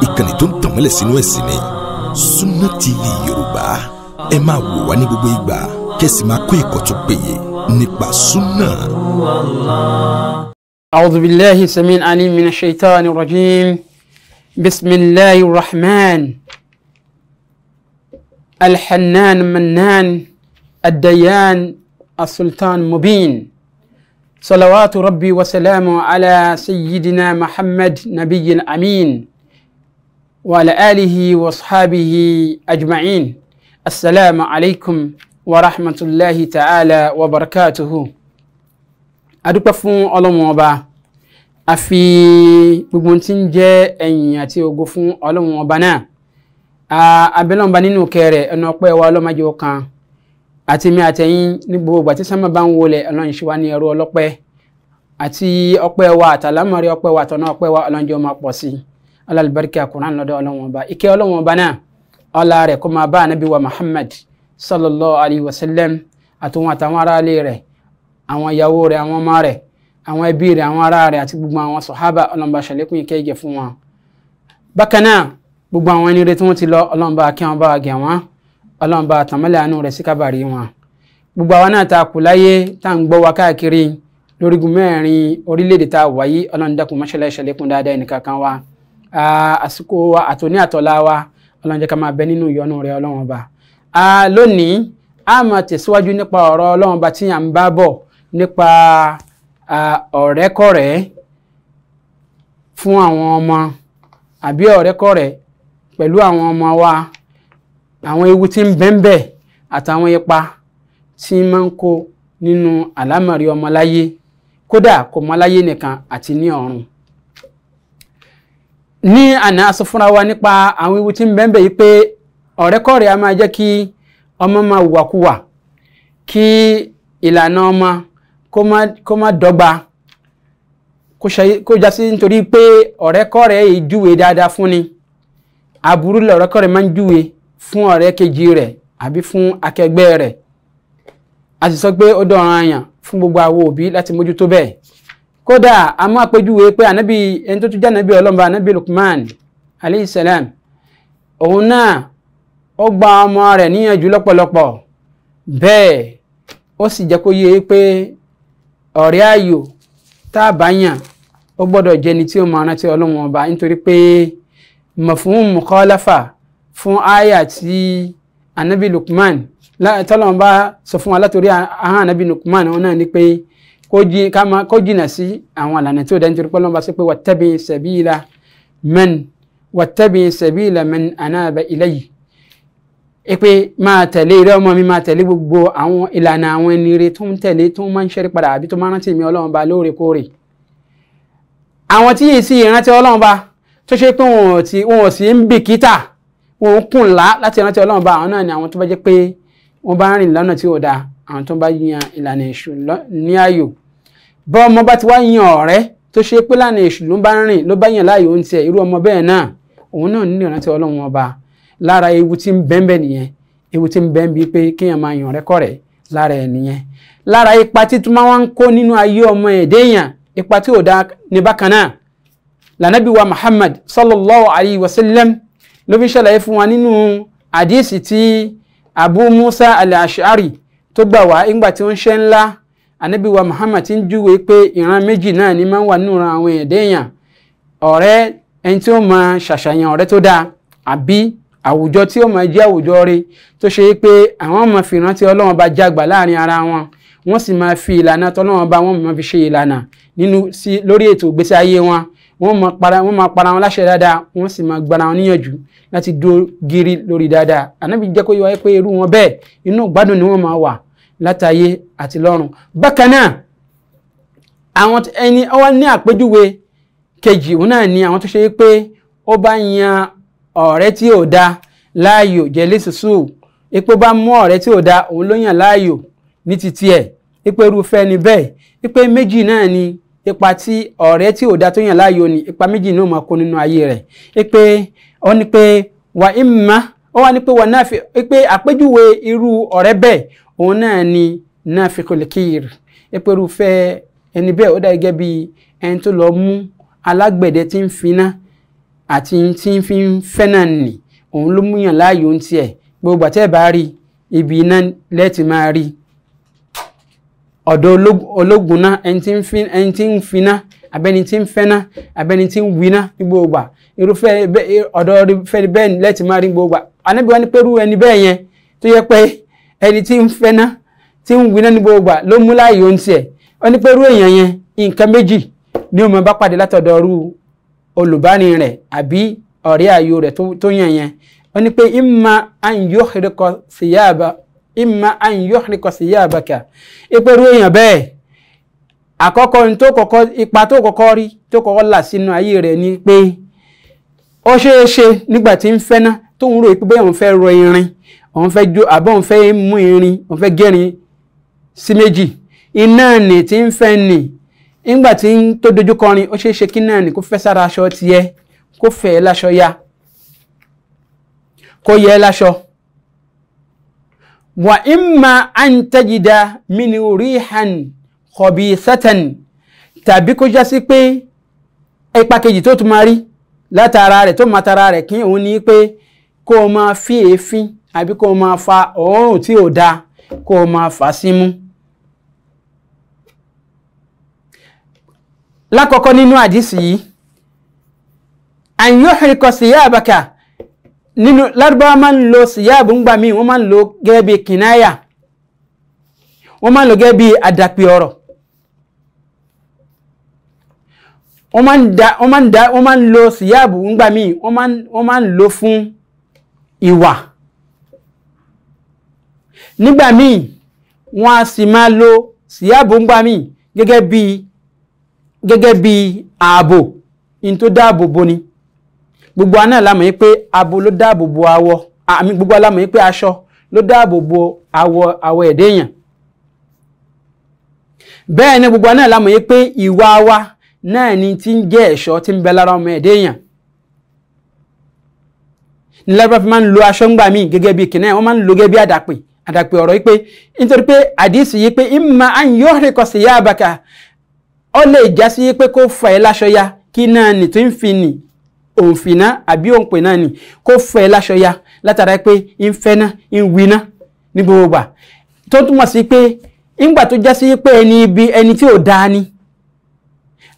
ìkànnì tó ń tàn mọ́lẹ̀ sínú ẹ̀sìn ni Sunna TV Yorùbá ẹ máa wò wá ní gbogbo ìgbà kẹ́sì máa kó ẹ̀kọ́ tó péye nípa súnà. أعوذ بالله السميع العليم من الشيطان الرجيم بسم الله الرحمن الحنان منان الديان السلطان مبين صلوات ربي وسلامه على سيدنا محمد نبي الأمين وعلى آله وأصحابه أجمعين السلام عليكم warahmatulahi ta'ala wa barakatuhu adúpẹ́ fún ọlọ́run ọba àfi gbogbo tí ń jẹ́ ẹ̀yìn àti ògo fún ọlọ́run ọba náà abẹ́lọ́mba nínú kẹrẹ̀ ẹnu ọpẹ́ wa ọlọ́mọdé ọkàn àti mi àtẹ̀yìn ní gbogbo ìgbà tí sámà bá ń wọlé ọlọ́run ṣe wá ní ẹrú ọlọ́pẹ́ àti ọpẹ́ wa àtàlámọ̀rí ọpẹ́ wa àtọ̀nà ọpẹ́ wa ọlọ́run jẹ́ máa pọ̀ sí alálùbáríkà kùnán lọ́dọ̀ ọlọ́run ọba ìkẹ́ ọlọ́run ọba náà ọlá rẹ̀ kó máa bá ànábì wa Muhammad sallallahu alayhi wa sallam àtòun àtàwọn aráalé rẹ̀ àwọn ìyàwó rẹ̀ àwọn ọmọ rẹ̀ àwọn ẹbí rẹ̀ àwọn ará rẹ̀ àti gbogbo àwọn sọ̀hábà ọlọ́mọba ṣàlékún ìkẹ́ ìgẹ̀ fún wọn. bákan náà gbogbo àwọn ẹni rẹ̀ tí wọ́n ti lọ ọlọ́mọba kí wọ́n bá gẹ̀ wọ́n ọlọ́mọba tàmílẹ̀ àánú rẹ̀ sí kábàárì wọn. gbogbo àwọn náà ta kù láyé tá à ń gbọ́ wa káàkiri lórígun mẹ́rin orílẹ̀-èdè tá a wà yìí a lónìí a máa tẹ̀síwájú nípa ọ̀rọ̀ ọlọ́run bá tí à ń bá bọ̀ nípa ọ̀rẹ́kọ̀rẹ́ fún àwọn ọmọ àbí ọ̀rẹ́kọ̀rẹ́ pẹ̀lú àwọn ọmọ wa àwọn ewu tí ń bẹ́ńbẹ́ àtàwọn ipa tí máa ń kó nínú àlámọ̀rí ọmọláyé kódà kò mọ́láyé nìkan àti ní ọ̀run ní àná a sọ fúnra wa nípa àwọn ewu tí ń bẹ́ńbẹ́ yìí pé ọ̀rẹ́kọ̀rẹ́ a máa jẹ́ kí ọmọ máa wùwàkuwà kí ìlànà ọmọ kó má dọ́gba kó já sí nítorí pé ọ̀rẹ́kọ̀rẹ́ yìí júwe dáadáa fún ni aburú lọ̀rẹ́kọ̀rẹ́ máa ń júwe fún ọ̀rẹ́ kejì rẹ̀ àbí fún akẹgbẹ́ rẹ̀ a sì sọ pé ó dọ̀ràn àyàn fún gbogbo àwọn òbí láti mójútó bẹ́ẹ̀ kódà a máa péjúwe pé ànábì ẹni tó tún jẹ́ ànábì ọlọ́mọba ànábì Lukman aleyhisselam òun náà ó gba ọmọ rẹ̀ níyànjú lọ́pọ̀lọpọ̀ bẹ́ẹ̀ ó sì jẹ́ kó yé e pé ọ̀rẹ́ ayò tá a bá yàn ó gbọ́dọ̀ jẹ́ ni tí ó máa rántí ọlọ́run ọba nítorí pé mọ̀fún mukọ́láfà fún àyà tí anabi lukman tọ́lọ́run bá sọ fún wa látòrí ahọ́n anabi lukman òun náà ni pé kó jìnà sí àwọn àlànà tí ó dẹ́ni torí pé ọlọ́run bá sọ pé wattabi sabila man wattabi sabila man anaba ilayhi pé máa tẹ̀lé eré ọmọ mi máa tẹ̀lé gbogbo àwọn ìlànà àwọn ẹni rere tó ń tẹ̀lé tó máa ń ṣẹ́rí padà àbí tó máa ń rántí mi ọlọ́run ba lóòrèkóòrè àwọn tí yìí sí ìrántí ọlọ́run ba tó ṣe pé wọn ò sí ń bìkítà wọn ò kùn lá láti ìrántí ọlọ́run ba àwọn náà ni àwọn tó bá jẹ́ pé wọ́n bá ń rìn lọ́nà tí ò dáa àwọn tó bá yan ìlànà èṣù ní ààyò bọ́ ọmọ bá ti wá yan ọ̀rẹ́ tó ṣe pé lánàá lára ewu tí ń bẹ́ńbẹ́ nìyẹn ewu tí ń bẹ́ńbi pé kéèyàn máa yàn rẹ́kọ̀ rẹ̀ lára ẹ̀ nìyẹn lára ipa tí tó máa ń kó nínú ayé ọmọ ẹ̀dẹ́ èèyàn ipa tí ò dáa ní bákan náà lànàbí Muhammad sallallahu alayhi wa sallam ló fi ṣàlàyé fún wa nínú àdíìsì tí Abu Musa al-Ash'ari tó gbà wá ìgbà tí ó ń ṣe ńlá ànábì Muhammad ti ń júwe pé ìran méjì náà ni máa ń wà nínú àwọn ẹ̀dẹ́ èèyàn ọ̀rẹ́ ẹni tí ó máa ṣàṣàyàn ọ̀rẹ́ tó dáa àbí àwùjọ tí ó máa jẹ́ àwùjọ rẹ tó ṣe pé àwọn máa fi ìrántí ọlọ́run bá jágbà láàrin ara wọn wọ́n sì máa fi ìlànà tọ́lọ́run bá wọn máa fi ṣe ìlànà nínú sí lórí ètò ìgbésí ayé wọn wọ́n máa para wọ́n máa para wọn láṣẹ dáadáa wọ́n sì máa gbara wọn níyànjú láti dúró gírí lórí dáadáa ànábì jẹ́ kó yé wa pé irú wọn bẹ́ẹ̀ inú ìgbádùn ni wọ́n máa wà látayé àti lọ́run bákan náà àwọn ẹni ọwọ́ ní àpéjúwe kejì òun náà ni àwọn tó ṣe pé ó bá yan ọ̀rẹ́ tí ò da láàyò jẹ́lé sùsù ipò bá mú ọ̀rẹ́ tí ò da òun ló yàn láàyò ní ti tiẹ̀ ipò irúfẹ́ ni bẹ́ẹ̀ ipò méjì náà ni ipa tí ọ̀rẹ́ tí ò da tó yàn láàyò ni ipa méjì náà máa nínú ayé rẹ̀ ipò ọ ni wà í wà wà náà fi irú ọ̀rẹ́ bẹ́ẹ̀ òun náà ni náà fi kọlẹ̀ ipò irúfẹ́ ẹni bẹ́ẹ̀ ó àti tí ń fi ń fẹ́ náà nì òun ló múyàn láàyò ń tiẹ̀ gbogbo àtẹ́ bá rí ibi iná lẹ́ẹ̀tì máa rí ọ̀dọ̀ ológun náà ẹni tí ń finá abẹ́ni tí ń fẹ́ná abẹ́ni tí ń winá ní gbogbo irúfẹ́ ọ̀dọ̀ fẹ́ bẹ́ẹ̀ lẹ́ẹ̀tì máa rí gbogbo anábì ní pẹ́rú ẹni bẹ́ẹ̀ yẹn tó yẹ pé ẹni tí ń fẹ́ná tí ń winá ní gbogbo ló mú láàyò ń tiẹ̀ ó ní pẹ́rú èèyàn yẹn nǹkan méjì ni ó bá pàdé látọ̀dọ̀ ọrú olùbárin rẹ̀ àbí ọ̀rẹ́ àyò rẹ̀ tó yàn yẹn wọ́n ní pé ima an yuhriqa thiyaba imma an yuhriqa thiyabaka ìpẹ́rú èèyàn bẹ́ẹ̀ àkọ́kọ́ ní tó kọ́kọ́ ipa tó kọ́kọ́ rí tó kọ́kọ́ là sínú ayé rẹ̀ ni pé ó ṣeé ṣe nígbà tí ń fẹ́ ná tóun rò pé òun fẹ́ rọ irin òun fẹ́ jó àbọ̀ òun fẹ́ mú irin òun fẹ́ gẹ́rin sí méjì iná nì tí ń fẹ́ nì ńgbà tí tó dojú kọrin ó ṣeé ṣe kí náà ní kó fẹ́ sára aṣọ tiẹ̀ kó fẹ́ ẹ láṣọ ya kó yẹ ẹ láṣọ. wà á ma an tajida mini rihan khabithatan tàbí kó já sí pé ipa kejì tó tún máa rí látara rẹ̀ tó máa tara rẹ̀ kí òun ní pé kó o máa fi èéfín àbí kó o máa fa òórùn tí ò dáa kó o máa fà símú. lákọ̀ọ́kọ́ nínú àdísì yìí an yuhrika siyabaka nínú lárúbáwá máa ń lo síyáàbù ń gbà míì wọ́n máa ń lo gẹ́gẹ́ bí kìnnáyà wọ́n máa ń lo gẹ́gẹ́ bí àdàpè ọ̀rọ̀ wọ́n máa ń da wọ́n máa ń da wọ́n máa ń lo síyáàbù ń gbà míì wọ́n máa ń wọ́n máa ń lo fún ìwà nígbà míì wọ́n á sì máa lo síyáàbù ń gbà míì gẹ́gẹ́ bíi gẹ́gẹ́ bí ààbò in tó dáàbò bo ni gbogbo aná lámọ̀ yín pé abo ló dáàbò bo awọ àmì gbogbo alámọ̀ yín pé aṣọ ló dáàbò bo awọ awọ ẹ̀dẹ́ gbogbo aná lámọ̀ yín pé ìwà wa náà ni ti ń jẹ́ ẹ̀ṣọ́ ọmọ fi máa ń lo aṣọ ńgbà míì gẹ́gẹ́ bí wọ́n máa ń lo gẹ́gẹ́ bí àdàpè àdàpè ọ̀rọ̀ yìí pé nítorí pé àdìsí yìí ó lè já sí pé kó fà ẹ́ láṣọ ya kí náà nì tó ń fi nì òun fi náà àbí òun pè náà nì kó fà ẹ́ láṣọ ya látara pé ń fẹ́ náà ń wí náà ní gbogbo gbà tó túmọ̀ sí pé ńgbà tó já sí pé ẹni ibi ẹni tí ò dáa ni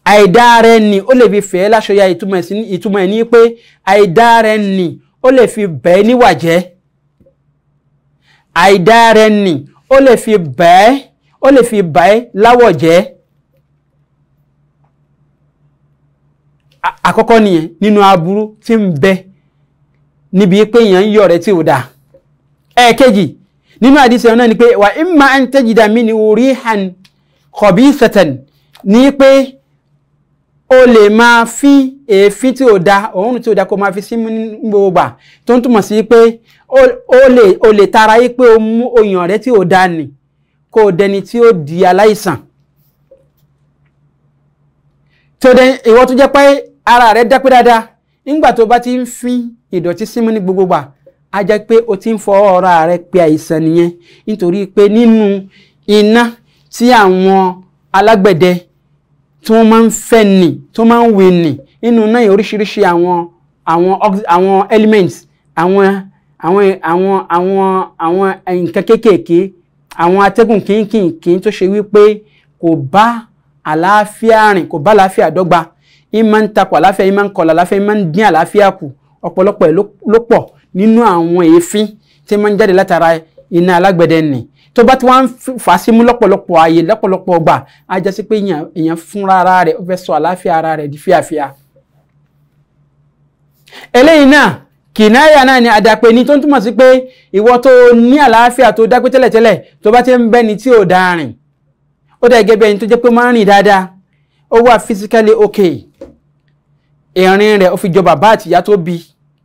àìdá rẹ nì ó lè fi fẹ́ láṣọ ya ìtumọ̀ ẹ̀ ní pé àìdá rẹ nì ó lè fi bẹ́ẹ̀ níwà jẹ́ àìdá rẹ nì ó lè fi bẹ́ẹ̀ ó lè fi bẹ́ẹ̀ láwọ̀ jẹ́ àkọ́kọ́ nìyẹn nínú aburú tí ń bẹ níbi pé èèyàn ń yọ̀ rẹ̀ tí ò dáa ẹ̀ẹ̀kejì nínú àdìsí ọ̀nà ni pé wà imma an tajida minhu rihan khabithatan ní pé o lè máa fi èéfín tí ò dáa òórùn tí ò dáa kó máa fi sí gbogbo gbà tó ń túmọ̀ sí pé o lè tara yí pé o mú oyàn rẹ̀ tí ò dáa nì kó o dẹni tí ó di aláìsàn tó dẹ ìwọ tó jẹ́ pé ara rẹ dápé dáadáa nígbà tó bá ti ń fi ìdọ̀tí símú ní gbogbo gbà á jẹ́ pé o ti ń fọwọ́ ara rẹ pe àìsàn nìyẹn nítorí pé nínú iná tí àwọn alágbẹ̀dẹ tí wọ́n máa ń fẹ́ nì tí wọ́n máa ń wè nì nínú náà oríṣiríṣi àwọn àwọn àwọn elements àwọn àwọn àwọn àwọn àwọn nǹkan kéékèèké àwọn atẹ́gùn kínkìnkín tó ṣe wípé kò bá àlàáfíà rìn kò bá àlàáfíà dọ́gba ń máa ń takò àláfíà ń máa ń kọlà àláfíà ń máa ń dín àláfíà kù ọ̀pọ̀lọpọ̀ ẹ̀ ló pọ̀ nínú àwọn èéfín tí máa ń jáde látara iná alágbẹ̀dẹ nì tó bá ti wá ń fà á símú lọ́pọ̀lọpọ̀ ààyè lọ́pọ̀lọpọ̀ ọgbà á já sí pé èèyàn fúnra ara rẹ̀ ó fẹ́ sọ àláfíà ara rẹ̀ di fíàfíà. eléyìí náà kìnnáyà náà ni àdàpè ni tó ń túmọ̀ sí pé ìwọ tó ní àlàáfíà tó dápé tẹ́lẹ̀tẹ́lẹ̀ tó bá ti ń bẹ́ni tí ò dáa rìn ó dà gẹ́gẹ́ bí ẹni tó jẹ́ pé máa ń rìn dáadáa ó wà physically okay ìrìn rẹ̀ ó fi jọ bàbá àtìyá tó bi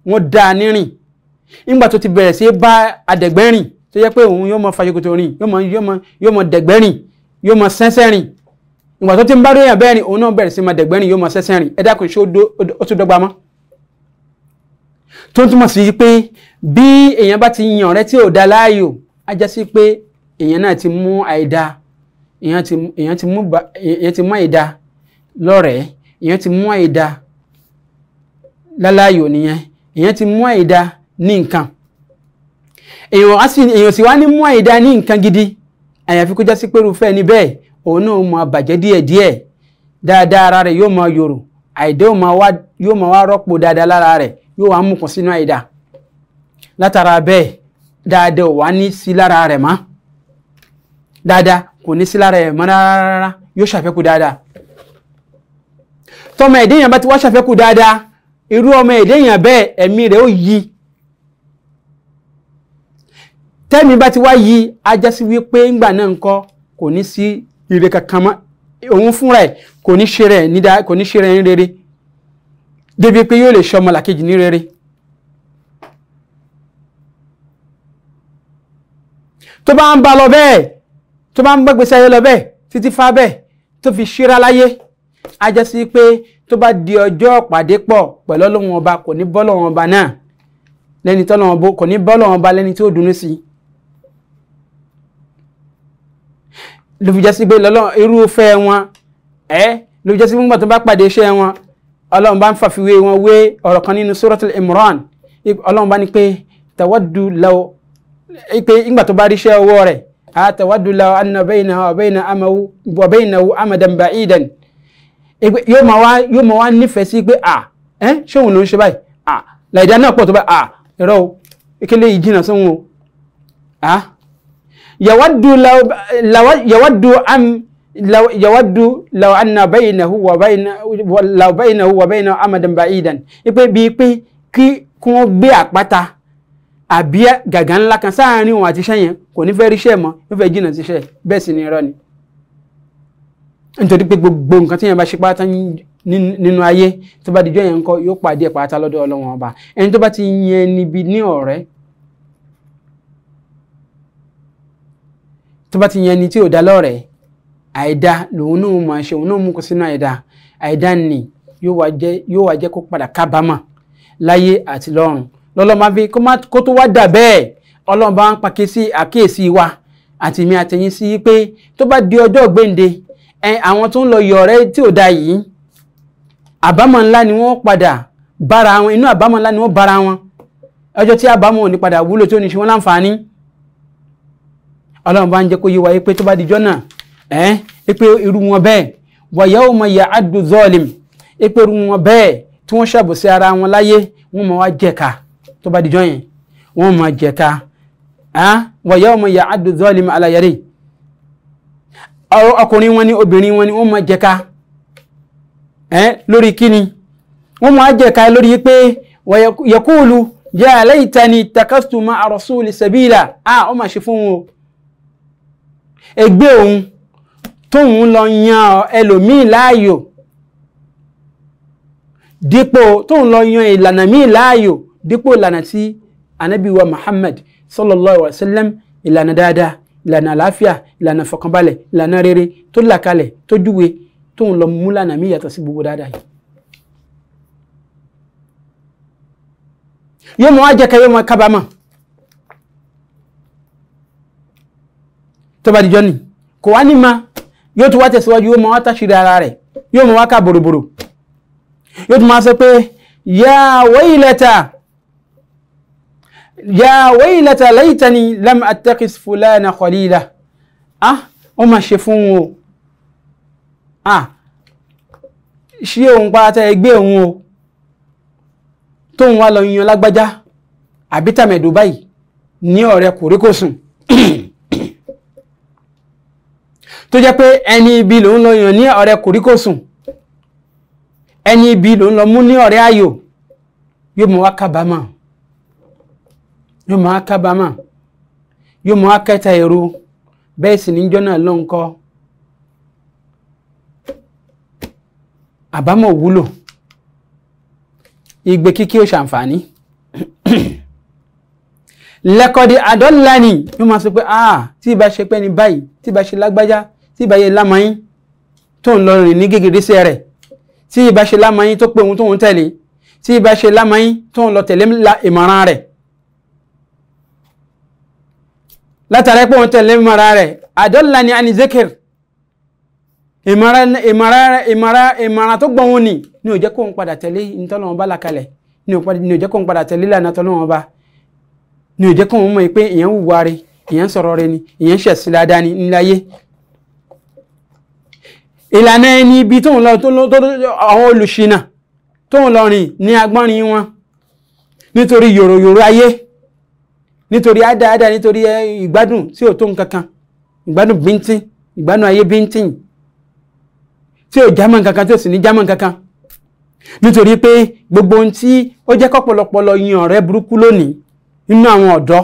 wọ́n da a nírìn nígbà tó ti bẹ̀rẹ̀ sí bá àdẹ̀gbẹ́ rìn tó yẹ pé òun yóò mọ fàṣekòtò rìn yóò mọ yóò mọ yóò mọ dẹ̀gbẹ́ rìn yóò mọ sẹ́sẹ́ rìn ìgbà tó ti ń bá lóyún bẹ́ẹ̀ rìn òun náà bẹ̀rẹ̀ sí mọ dẹ̀gbẹ́ rìn yóò mọ sẹ́sẹ́ rìn ẹ dákun ṣé ó tún dọ́gba mọ́. tó ń túmọ̀ sí pé bí èèyàn bá ti yan ọ̀rẹ́ tí ò da láàyò á já sí pé èèyàn náà ti mú àìda èèyàn ti mú àìda lọ́rẹ̀ẹ́ ìyẹn ti mú àìda láláyò nìyẹn ìyẹn ti mú àìda ní nǹkan èèyàn sì wá ní mú àìda ní nǹkan gidi àyàfi kó jásí pé irúfẹ́ ni bẹ́ẹ̀ òun náà mọ àbàjẹ́ díẹ̀díẹ̀ dáadáa ara rẹ̀ yóò máa yòrò àìdá yóò máa wá rọ́pò dáadáa lára rẹ̀ yóò wá mú kàn sínú àìda látara bẹ́ẹ̀ dáadáa ò wá ní sí lára rẹ̀ mọ́ dáadáa kò ní sí lára rẹ̀ mọ́ rárá yóò ṣàfẹ́kù dáadáa tọmọ ẹ̀dẹ́ yẹn bá ti wá ṣàfẹ́kù dáadáa irú ọmọ ẹ̀dẹ́ yẹn bẹ́ẹ̀ ẹ̀mí rẹ̀ ó yí tẹ́mi bá ti wá yí ajá sí wípé ńgbà náà ńkọ́ kò ní sí ire kankan mọ́ òun fúnra ẹ̀ kò ní ṣe rẹ̀ ní dáa kò ní ṣe rẹ̀ ní rere débi pé yóò lè ṣe ọmọ làkejì ní rere. tó bá ń ba lọ bẹ́ẹ̀ tó bá ń gbẹ́gbẹ́sẹ̀ lọ bẹ́ẹ̀ títí fa bẹ́ẹ̀ tó fi ṣíra láyé á jẹ́ sí pé tó bá di ọjọ́ pàdé pọ̀ pẹ̀lú ọlọ́run ọba kò ní bọ́ lọ́wọ́n ọba náà lẹ́ni tọ́lọ́wọ́n bó kò ní bọ́ ọba lẹ́ni tí dunú sí ló fi jẹ́ sí pé lọ́lọ́run irúfẹ́ wọn ẹ́ ló fi jẹ́ sí nígbà tó bá pàdé iṣẹ́ wọn ọlọ́run bá ń fàfiwé wọn wé ọ̀rọ̀ kan nínú Suratul Imran ọlọ́run bá ní pé tàwádù lọ́wọ́ pé nígbà tó bá rí iṣẹ́ rẹ̀ àtàwádù lọ́wọ́ anna bayna wa bayna amawu wa pé yóò máa wá yóò máa wá nífẹ̀ẹ́ sí pé à ẹ́ ṣé òun ló ń ṣe báyìí ah làìdá náà pọ̀ tó báyìí à ẹ̀rọ o ìkẹlẹ̀ yìí jìnnà sóhun o à yawaddu am yawaddu law anna baynahu wa baynahu law baynahu wa baynahu amadan ba'idan ipe bíi pé kí kí wọ́n gbé àpáta àbí gàgà ńlá kan sáàárín òun àti iṣẹ́ yẹn kò ní fẹ́ ríṣẹ́ mọ́ ó jìnnà síṣẹ́ bẹ́ẹ̀ sì ni irọ́ ni nítorí pé gbogbo nǹkan tí yẹn bá ṣe pátá nínú ayé tó bá dijọ́ yẹn ń kọ́ yóò pàdé ẹ̀ pátá lọ́dọ̀ ọlọ́wọ́n ọba ẹni tó bá ti yẹn níbi ní ọ̀rẹ́ tó bá ti yẹn ni tí ò dá lọ́rẹ̀ẹ́ àìdá lòun náà máa ṣe òun náà mú kó sínú àìdá àìdá ni yóò wá jẹ́ kó padà kábàámà láyé àti lọ́run lọ́lọ́ máa fi kó tó wá dà bẹ́ẹ̀ ọlọ́run bá ń pàkíyèsí àkíyèsí wa àtìmí àtẹ̀yìn sí pé tó bá di ọjọ́ gbèǹde àwọn tó ń lọ yọ ọ̀rẹ́ tí ò da yìí àbámọ̀ ńlá ni wọ́n padà bára wọn inú àbámọ̀ ńlá ni wọ́n bára wọn ọjọ́ tí àbámọ̀ ò ní padà wúlò tí ò ní ṣe wọ́n láǹfààní ọlọ́run bá ń jẹ́ kó yé wa pé tó bá di jọ́nà ẹ́ pé irú wọn bẹ́ẹ̀ wàyà ò mọ̀ yà á dùn zọ́ọ̀lìm ẹ́ pé irú wọn bẹ́ẹ̀ tí wọ́n ṣàbòsí ara wọn láyé wọ́n mọ̀ wá jẹ̀ka tó bá di jọ́ yẹn wọ́n mọ̀ jẹ̀ka wàyà ò mọ̀ yà á dùn zọ́ọ̀lìm ọkùnrin wọn ni obìnrin wọn ni wọ́n máa jẹka ẹ lórí kíni wọ́n máa jẹka lórí pé yẹkúùlù jẹ́ aláìtani takastuma arọ́sùlì sẹ́bíìlà a ó máa ṣe fún wọn o ẹgbẹ́ òun tóun lọ yan ẹlòmíì láàyò dípò tóun lọ yan ìlànà míì láàyò dípò ìlànà tí anabiwa Muhammad sallallahu alaihi wa sallam ìlànà dáadáa ìlànà àlàáfíà ìlànà fọkànbalẹ̀ ìlànà rere tó là kalẹ̀ tó júwe tóun lọ mú lànà mí yàtọ̀ sí gbogbo dáadáa yìí. yóò mọ àjẹkẹ yóò mọ kábàámọ̀ tó bá dijọ́ ni kò wá ní ma yóò tún wá tẹ̀síwájú yóò mọ wá táṣírí ara rẹ̀ yóò mọ wá ká bòròbòrò yóò tún máa sọ pé yà wáyìlẹ́ta ya waylata laytani lam attaqis fulana khalila ah ó mà ṣe fún o ah ṣé òun pátá ẹgbẹ́ òun o tóun wá lọ yan lágbájá àbí tàmẹ̀dù báyìí ní ọ̀rẹ́ kòríkòsùn <clears throat> tó jẹ́ pé ẹni ibi lòun lọ yàn ní ọ̀rẹ́ kòríkòsùn ẹni ibi lòun lọ mú ní ọ̀rẹ́ ayò yóò mú wá kábàámọ̀ yóò máa kábàámà yóò máa kẹta ẹ̀rù bẹ́ẹ̀ sì níjọ́ náà ló ń kọ́ àbámọ̀ wúlò igbe kíkí ó ṣàǹfààní <clears throat> lẹ́kọ̀dé àdọ́lání yóò máa sọ pé ah tí ìbá ṣe pẹ́ ni báyìí tí ìbá ṣe lágbájá tí ìbá yẹ lámàáyín tó ń lọ rìn ní gègèrè sí rẹ̀ tí ìbá ṣe lámàáyín tó pé òun tóun tẹ̀lé tí ìbá ṣe lámàáyín tó ń lọ tẹ̀lé ìmọ̀ràn rẹ̀ látara pé wọn tẹ̀lé ìmọ̀ra rẹ̀ àdọ́là ni anizekir. zikir ìmọ̀ra ìmọ̀ra ìmọ̀ra ìmọ̀ra tó gbọ́n wọn ni ní ó jẹ́ kó ń padà tẹ̀lé ìtọ́nà ọba làkàlẹ̀ ní ó jẹ́ kó ń padà tẹ̀lé ìlànà tọ́nà ọba ní ó jẹ́ kó ń mọ̀ pé ìyẹn wùwà rẹ̀ ìyẹn sọ̀rọ̀ rẹ̀ ni ìyẹn ṣẹ̀sìn dáadáa ni níláyé. ìlànà ẹni ibi tóun lọ tó àwọn olùṣìnà tóun lọ rìn ní agbọ́nrin wọn nítorí yòròyòrò ayé nítorí àdáadáa nítorí ìgbádùn tí ò tó nǹkan kan ìgbádùn bíntín ìgbádùn ayé bíntín tí ò jámọ́ nǹkan kan tí ò sì ní jámọ́ nǹkan kan nítorí pé gbogbo ohun tí ó jẹ́ kọ́pọ̀lọpọ̀ lọ yan ọ̀rẹ́ burúkú lónìí nínú àwọn ọ̀dọ́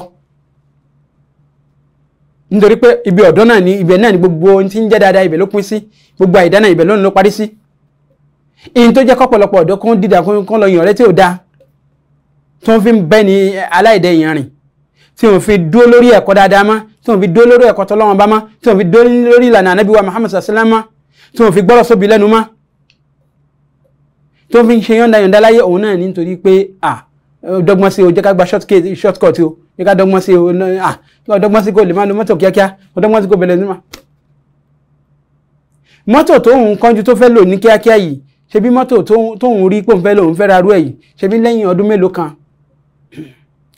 nítorí pé ibi ọ̀dọ́ náà ni ibẹ̀ náà ni gbogbo ohun tí ń jẹ́ dáadáa ibẹ̀ ló pín sí gbogbo àìdáná ibẹ̀ lónìí ló parí sí ìyìn tó jẹ́ kọ́pọ̀lọpọ̀ ọ̀dọ́ kan dídà kan lọ yan ọ̀rẹ́ tí ò dáa tó ń fi bẹ́ẹ̀ ni aláìdẹ ìyẹn tí wọ́n fi dúró lórí ẹ̀kọ́ dáadáa mọ́ tí wọ́n fi dúró lórí ẹ̀kọ́ tọ́lọ́wọ́n bá mọ́ tí wọ́n fi dúró lórí ìlànà ànábì wa Muhammad sallam mọ́ tí wọ́n fi gbọ́rọ̀ sóbi lẹ́nu mọ́ tí wọ́n fi ń ṣe yọ̀ǹda yọ̀ǹda láyé òun náà nítorí pé à dọ́gbọ́n sí o jẹ́ ká gba short cut o jẹ́ ká dọ́gbọ́n sí o à dọ́gbọ́n sí kò lè má lo mọ́tò kíákíá dọ́gbọ́n sí kò bẹ̀rẹ̀ nímọ̀ mọ́tò tó ń kánjú tó fẹ́ lò ní kíákíá yìí ṣebí mọ́tò tó ń rí pòun fẹ́ lòun fẹ́ ra rú ẹ̀ yìí ṣebí lẹ́yìn ọdún mélòó kan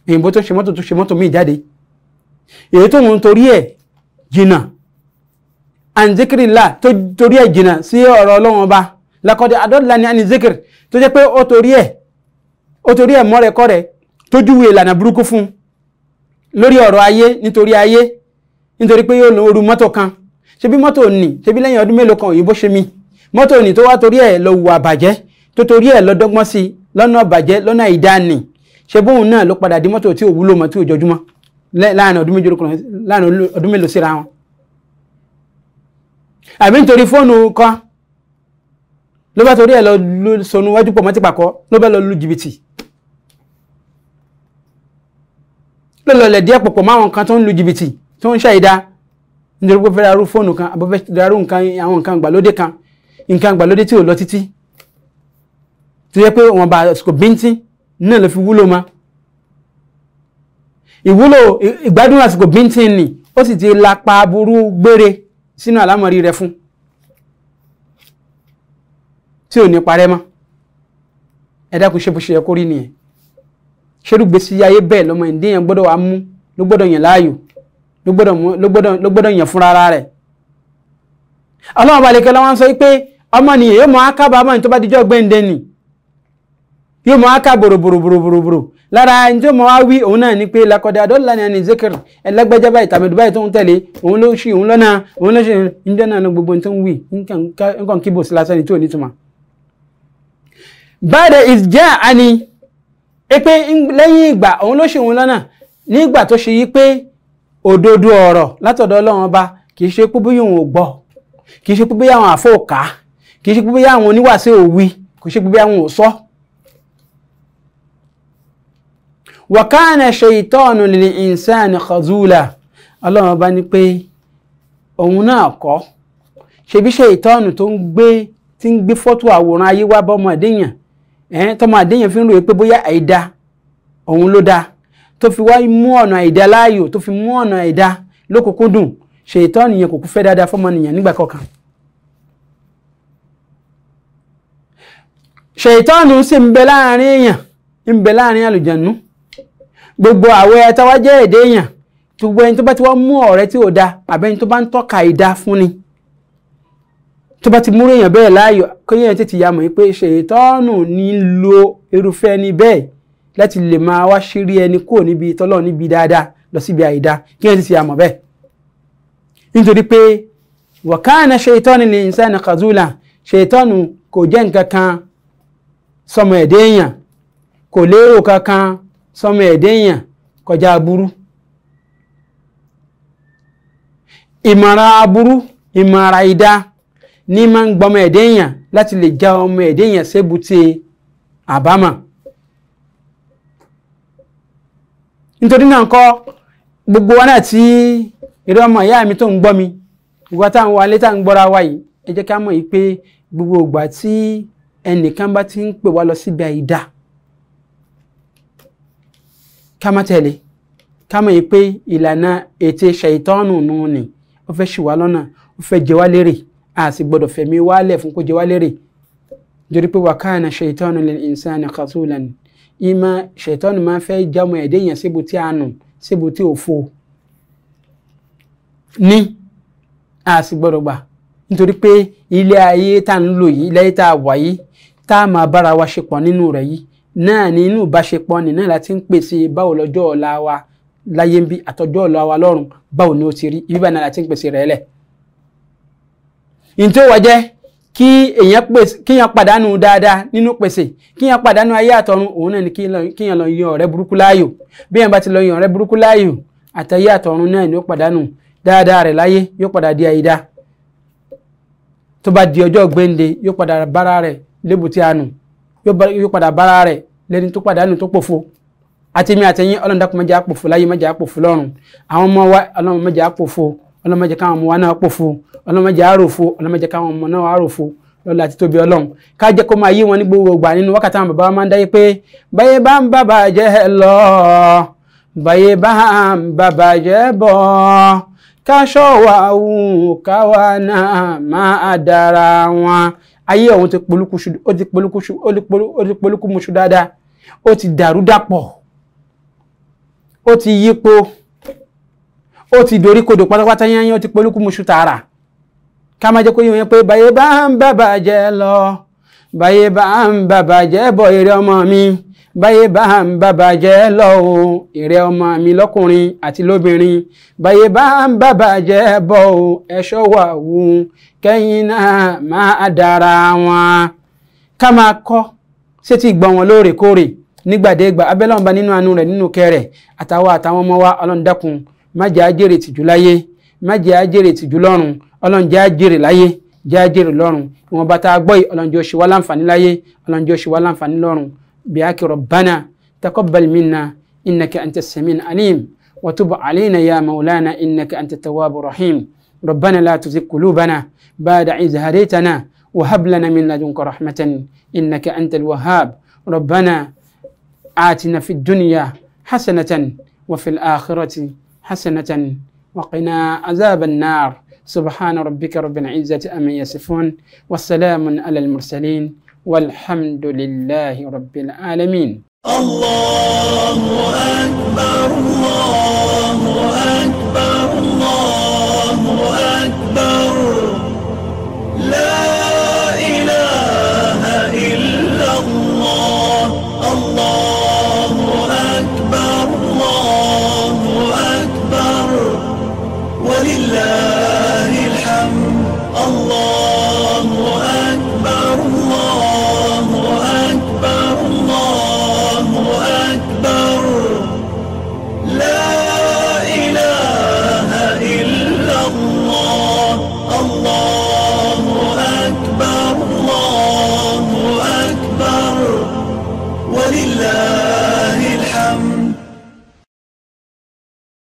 òyìnbó tó ṣe mọ́tò tó ṣe mọ́tò míì jáde èyí tó ń torí ẹ̀ jìnnà anzikirila tó torí ẹ̀ jìnnà sí ọ̀rọ̀ ọlọ́run ọba lakọ́dẹ adọ́dúnlá ni anizikir tó jẹ́ pé ó torí ẹ̀ ó torí ẹ̀ mọ́rẹ̀kọ́ rẹ̀ tó júwe ìlànà burúkú fún lórí ọ̀rọ̀ ayé nítorí ayé nítorí pé yóò lo oru mọ́tò kan ṣebí mọ́tò nì ṣebí lẹ́yìn ọdún mélòó kan òyìnbó ṣe mi mọ́tò nì tó wá torí ẹ̀ lọ wù àbàjẹ́ tó torí ẹ̀ lọ dọ́gbọ́n sí lọ́nà àbàjẹ́ lọ́nà ìdáni ṣe bóun náà ló padà di mọ́tò tí ò wúlò mọ́ tí ò jọjúmọ́ láàrin ọdún méjì olókùnrin láàrin ọdún mélòó síra wọn. àbí nítorí fóònù kan ló bá torí ẹ̀ lọ sọnù wájú pọ̀ mọ́tì pàkọ́ ló bá lọ lu jìbìtì. ló lọ lẹ̀ díẹ̀ pọ̀pọ̀ máwọn kan tó ń lu jìbìtì tó ń ṣàìdá nítorí pé fẹ́ẹ́ darú fóònù kan àbọ̀ fẹ́ẹ́ darú àwọn nǹkan ìgbàlódé kan nǹkan ìgbàlódé tí ò lọ títí tó yẹ pé wọn bá àsìkò bíntín náà ló fi wúlò ma ìwúlò ìgbádùn àsìkò bíntín ni ó sì ti lapa burú gbére sínú àlámọ̀rí rẹ fún tí ò ní parẹ́ mọ́ ẹ dákun ṣe bó ṣe yẹ kó rí nìyẹn ṣerúgbèsí ayé bẹ́ẹ̀ lọ́mọ ìdíyẹn gbọ́dọ̀ wá mú ló gbọ́dọ̀ yàn láàyò ló gbọ́dọ̀ yàn fúnra ara rẹ̀ ọlọ́run balẹ̀ wọn sọ pé ọmọ nìyẹn yóò mọ akábàámọ̀ ní tó bá dijọ́ gbẹ̀ǹdẹ̀ nìyẹn yóò mọ aka bòròbòròbòròbòrò lára ẹni tí ó mọ wá wí òun náà ni pé lakọ̀dé adọ́lá ni ẹni zikir ẹlẹ́gbẹ́jẹ́ báyìí tàbí báyìí tó ń tẹ̀lé òun ló ṣì òun lọ́nà òun ló ṣe ǹjẹ́ náà gbogbo tó ń wí nǹkan kí bòsí lásán ni tí ò ní túmọ̀. báyìí ìjà àní pé lẹ́yìn ìgbà òun ló ṣì òun lọ́nà nígbà tó ṣe yí pé òdodo ọ̀rọ̀ látọ̀dọ̀ ọlọ́run ọba kì í ṣe pé bóyá àwọn àfọ̀ọ́ká wa kana shaytanu lil insani khazula ọlọ́run bá ní pé òun náà kọ́ ṣebí ṣèitọ́nù tó ń gbé tí ń gbé fọ́tò àwòrán ayé wá bọ́ ọmọ àdéyàn ẹ̀ẹ́n tọmọ àdéyàn fi ń ròyìn pé bóyá àìda òun ló dáa tó fi wá mú ọ̀nà àìda láàyò tó fi mú ọ̀nà àìda lókùnkúndùn ṣèitọ́nù yẹn kò kú fẹ́ dáadáa fọmọnìyàn nígbà kọ̀ọ̀kan. ṣèitọ́nù sì ń bẹ láàrin èèyàn ń bẹ láàrin àlùjànnú gbogbo àwọn ẹ̀ táwa jẹ́ èdè èèyàn gbogbo ẹni tó bá ti wá mú ọ̀rẹ́ tí ò da àbẹ́ ẹni tó bá ń tọ́ka ìdá fún ni tó bá ti múrò èèyàn bẹ́ẹ̀ láàyò kéèyàn tètè ya mọ̀ pé ṣètọ́nù ní lo irúfẹ́ ẹni bẹ́ẹ̀ láti lè máa wá ṣírí ẹni kúrò níbi tọ́lọ́ níbi dáadáa lọ síbi àìda kéèyàn tètè ya mọ̀ bẹ́ẹ̀ nítorí pé wọ̀kánà ṣètọ́nù lè ń kazula ṣètọ́nù kò jẹ́ nǹkan kan sọmọ ẹ̀dẹ́ èèyàn kò lérò kankan sọmọ ẹ̀dẹ́yàn kọjá aburú ìmọ̀ràn aburú ìmọ̀ràn ìdá ní máa ń gbọmọ ẹ̀dẹ́yàn láti lè já ọmọ ẹ̀dẹ́yàn sébùté àbámà nítorí náà kọ́ gbogbo wa náà tí eré ọmọ ìyá mi tó ń gbọ́ mi ìwà tá à ń wọlé tá à ń gbọ́ra wa yìí ẹ jẹ́ ká mọ̀ yìí pé gbogbo ìgbà tí ẹnìkan bá ti ń pè wá lọ síbi àìdáa ká má tẹ̀lé ká mọ̀ yìí pé ìlànà ète ṣàìtọ́nù nù ni ó fẹ́ ṣì wá lọ́nà ó fẹ́ jẹ wá lérè a sì gbọ́dọ̀ fẹ̀mí wálẹ̀ fún kó jẹ wá lérè nítorí pé wa kana ṣàìtọ́nù lil insani khasulan ìmọ̀ ṣàìtọ́nù máa fẹ́ jámọ̀ ẹ̀dẹ́ yẹn síbu tí a nù síbu tí ò fo ní a sì gbọ́dọ̀ gbà nítorí pé ilé ayé tá à ń lò yìí ilé ayé tá a wà yìí tá a máa bára wa ṣe pọ̀ nínú rẹ̀ yìí náà ní inú ìbáṣepọ̀ ni náà láti ń pèsè báwo lọ́jọ́ ọ̀la wa láyé ń bí àtọ́jọ́ ọ̀la wa lọ́rùn báwo ni ó ti rí ibi báyìí náà láti ń pèsè rẹ̀ lẹ̀. ìtò wà jẹ́ kí èèyàn pàdánù dáadáa nínú pèsè kí èèyàn pàdánù ayé àtọ̀run òun náà ni kí èèyàn lọ yan ọ̀rẹ́ burúkú láàyò bí èèyàn bá ti lọ yan ọ̀rẹ́ burúkú láàyò àtayé àtọ̀run náà ni ó pàdánù dáadáa rẹ̀ láyé yóò padà di àyídá tó bá di ọjọ́ gbéǹde yóò padà bára rẹ̀ lébùtí àánú yóò padà bára rẹ̀ lẹ́ni tó pàdánù tó pòfo àtẹ̀mí àtẹ̀yìn ọlọ́run dákun má jẹ́ a pòfo láyé má jẹ́ a pòfo àwọn ọmọ wa ọlọ́run má jẹ́ a pòfo ọlọ́run má jẹ́ káwọn ọmọ wa náà pòfo ọlọ́run má jẹ́ àròfo ọlọ́run má jẹ́ káwọn ọmọ náà àròfo lọ́la àti tóbi ọlọ́run ká jẹ́ kó máa yí wọn ní gbogbo ìgbà nínú wákàtí àwọn bàbá wa máa ń dáyé pé báyé bá ń bàbà jẹ́ lọ báyé bá ń bàbà jẹ́ bọ̀ ká ṣọ́ wa wù ká náà máa dára wọn ayé ọ̀hún ti polúkúṣu ó ti polúkúṣu ó ti polúkúmuṣu dáadáa ó ti dàrú dàpọ̀ ó ti yípo ó ti doríkodò pátápátá yányán ó ti polúkúmuṣu tààrà ká má jẹ́ kó yíyan pé báyé bá ń bàbà jẹ́ lọ báyé bá ń bàbà jẹ́ bọ̀ èrè ọmọ mi báyé bá à ń bàbà jẹ́ lọ o ìrẹ́ ọmọ mi lọ́kùnrin àti lóbìnrin báyé bá à ń bàbà jẹ́ bọ́ o ẹ̀ṣọ́ wà wù kẹ́yìn náà máa dára wọn. ká máa kọ́ sétí gbọ́ wọn lóòrèkóòrè nígbàdégbà abẹ́lẹ́ ọ̀nba nínú àánú rẹ̀ nínú kẹrẹ̀ àtàwọn àtàwọn ọmọ wa ọlọ́run dákun má jẹ́ àjèrè tìjú láyé má jẹ́ àjèrè tìjú lọ́run ọlọ́run jẹ́ àjèrè láyé jẹ́ àjèrè lọ́run ìwọ̀nba tá a gbọ́ yìí ọlọ́run jẹ́ ó láǹfààní láyé ọlọ́run jẹ́ ó láǹfààní lọ́run بياك ربنا تقبل منا إنك أنت السميع العليم وتب علينا يا مولانا إنك أنت التواب الرحيم ربنا لا تزغ قلوبنا بعد إذ هديتنا وهب لنا من لدنك رحمة إنك أنت الوهاب ربنا آتنا في الدنيا حسنة وفي الآخرة حسنة وقنا عذاب النار سبحان ربك رب العزة أما يصفون والسلام على المرسلين والحمد لله رب العالمين الله أكبر الله أكبر